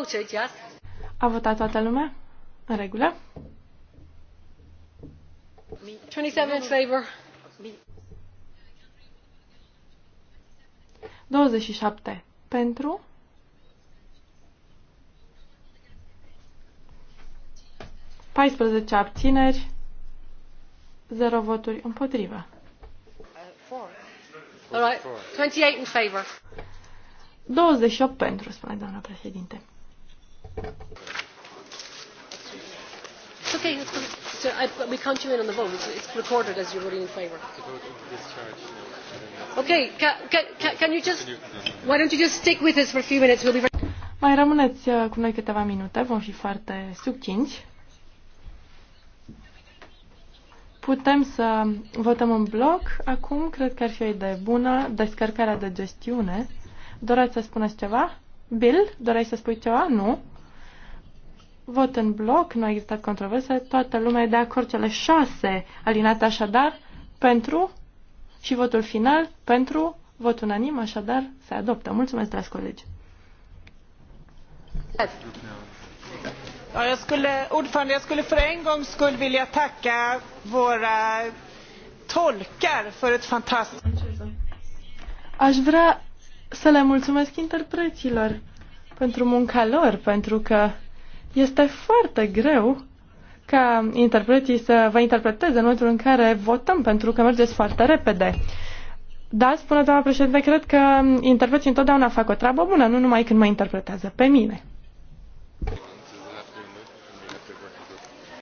It's okay. A votat toată lumea? În regulă. 27 in favor. 27 pentru. Paisprezece abțineri, zero voturi împotrivă. 28 și opt 28 pentru, spune doamna președinte. It's okay. It's good. So I, we count you in on the vote. It's, it's recorded as you're voting in favour. Can, you just? Why don't you just stick with us for a few minutes? We'll be. Mai rămâneți uh, cu noi câteva minute. Vom fi foarte succinți. Putem să votăm în bloc. Acum cred că ar fi o idee bună. Descărcarea de gestiune. Doreți să spuneți ceva? Bill, doreai să spui ceva? Nu. Vot în bloc, nu a existat controverse, toată lumea e de acord cele șase alinate așadar pentru și votul final pentru vot unanim, așadar se adoptă. Mulțumesc, dragi colegi! Ja, jag skulle, ordförande, jag skulle för en gång skull vilja tacka våra tolkar för ett fantastiskt... Aș vrea să le mulțumesc interpreților pentru munca lor, pentru că este foarte greu ca interpreții să vă interpreteze în momentul în care votăm, pentru că mergeți foarte repede. Da, spune doamna președinte, cred că interpreții întotdeauna fac o treabă bună, nu numai când mă interpretează pe mine.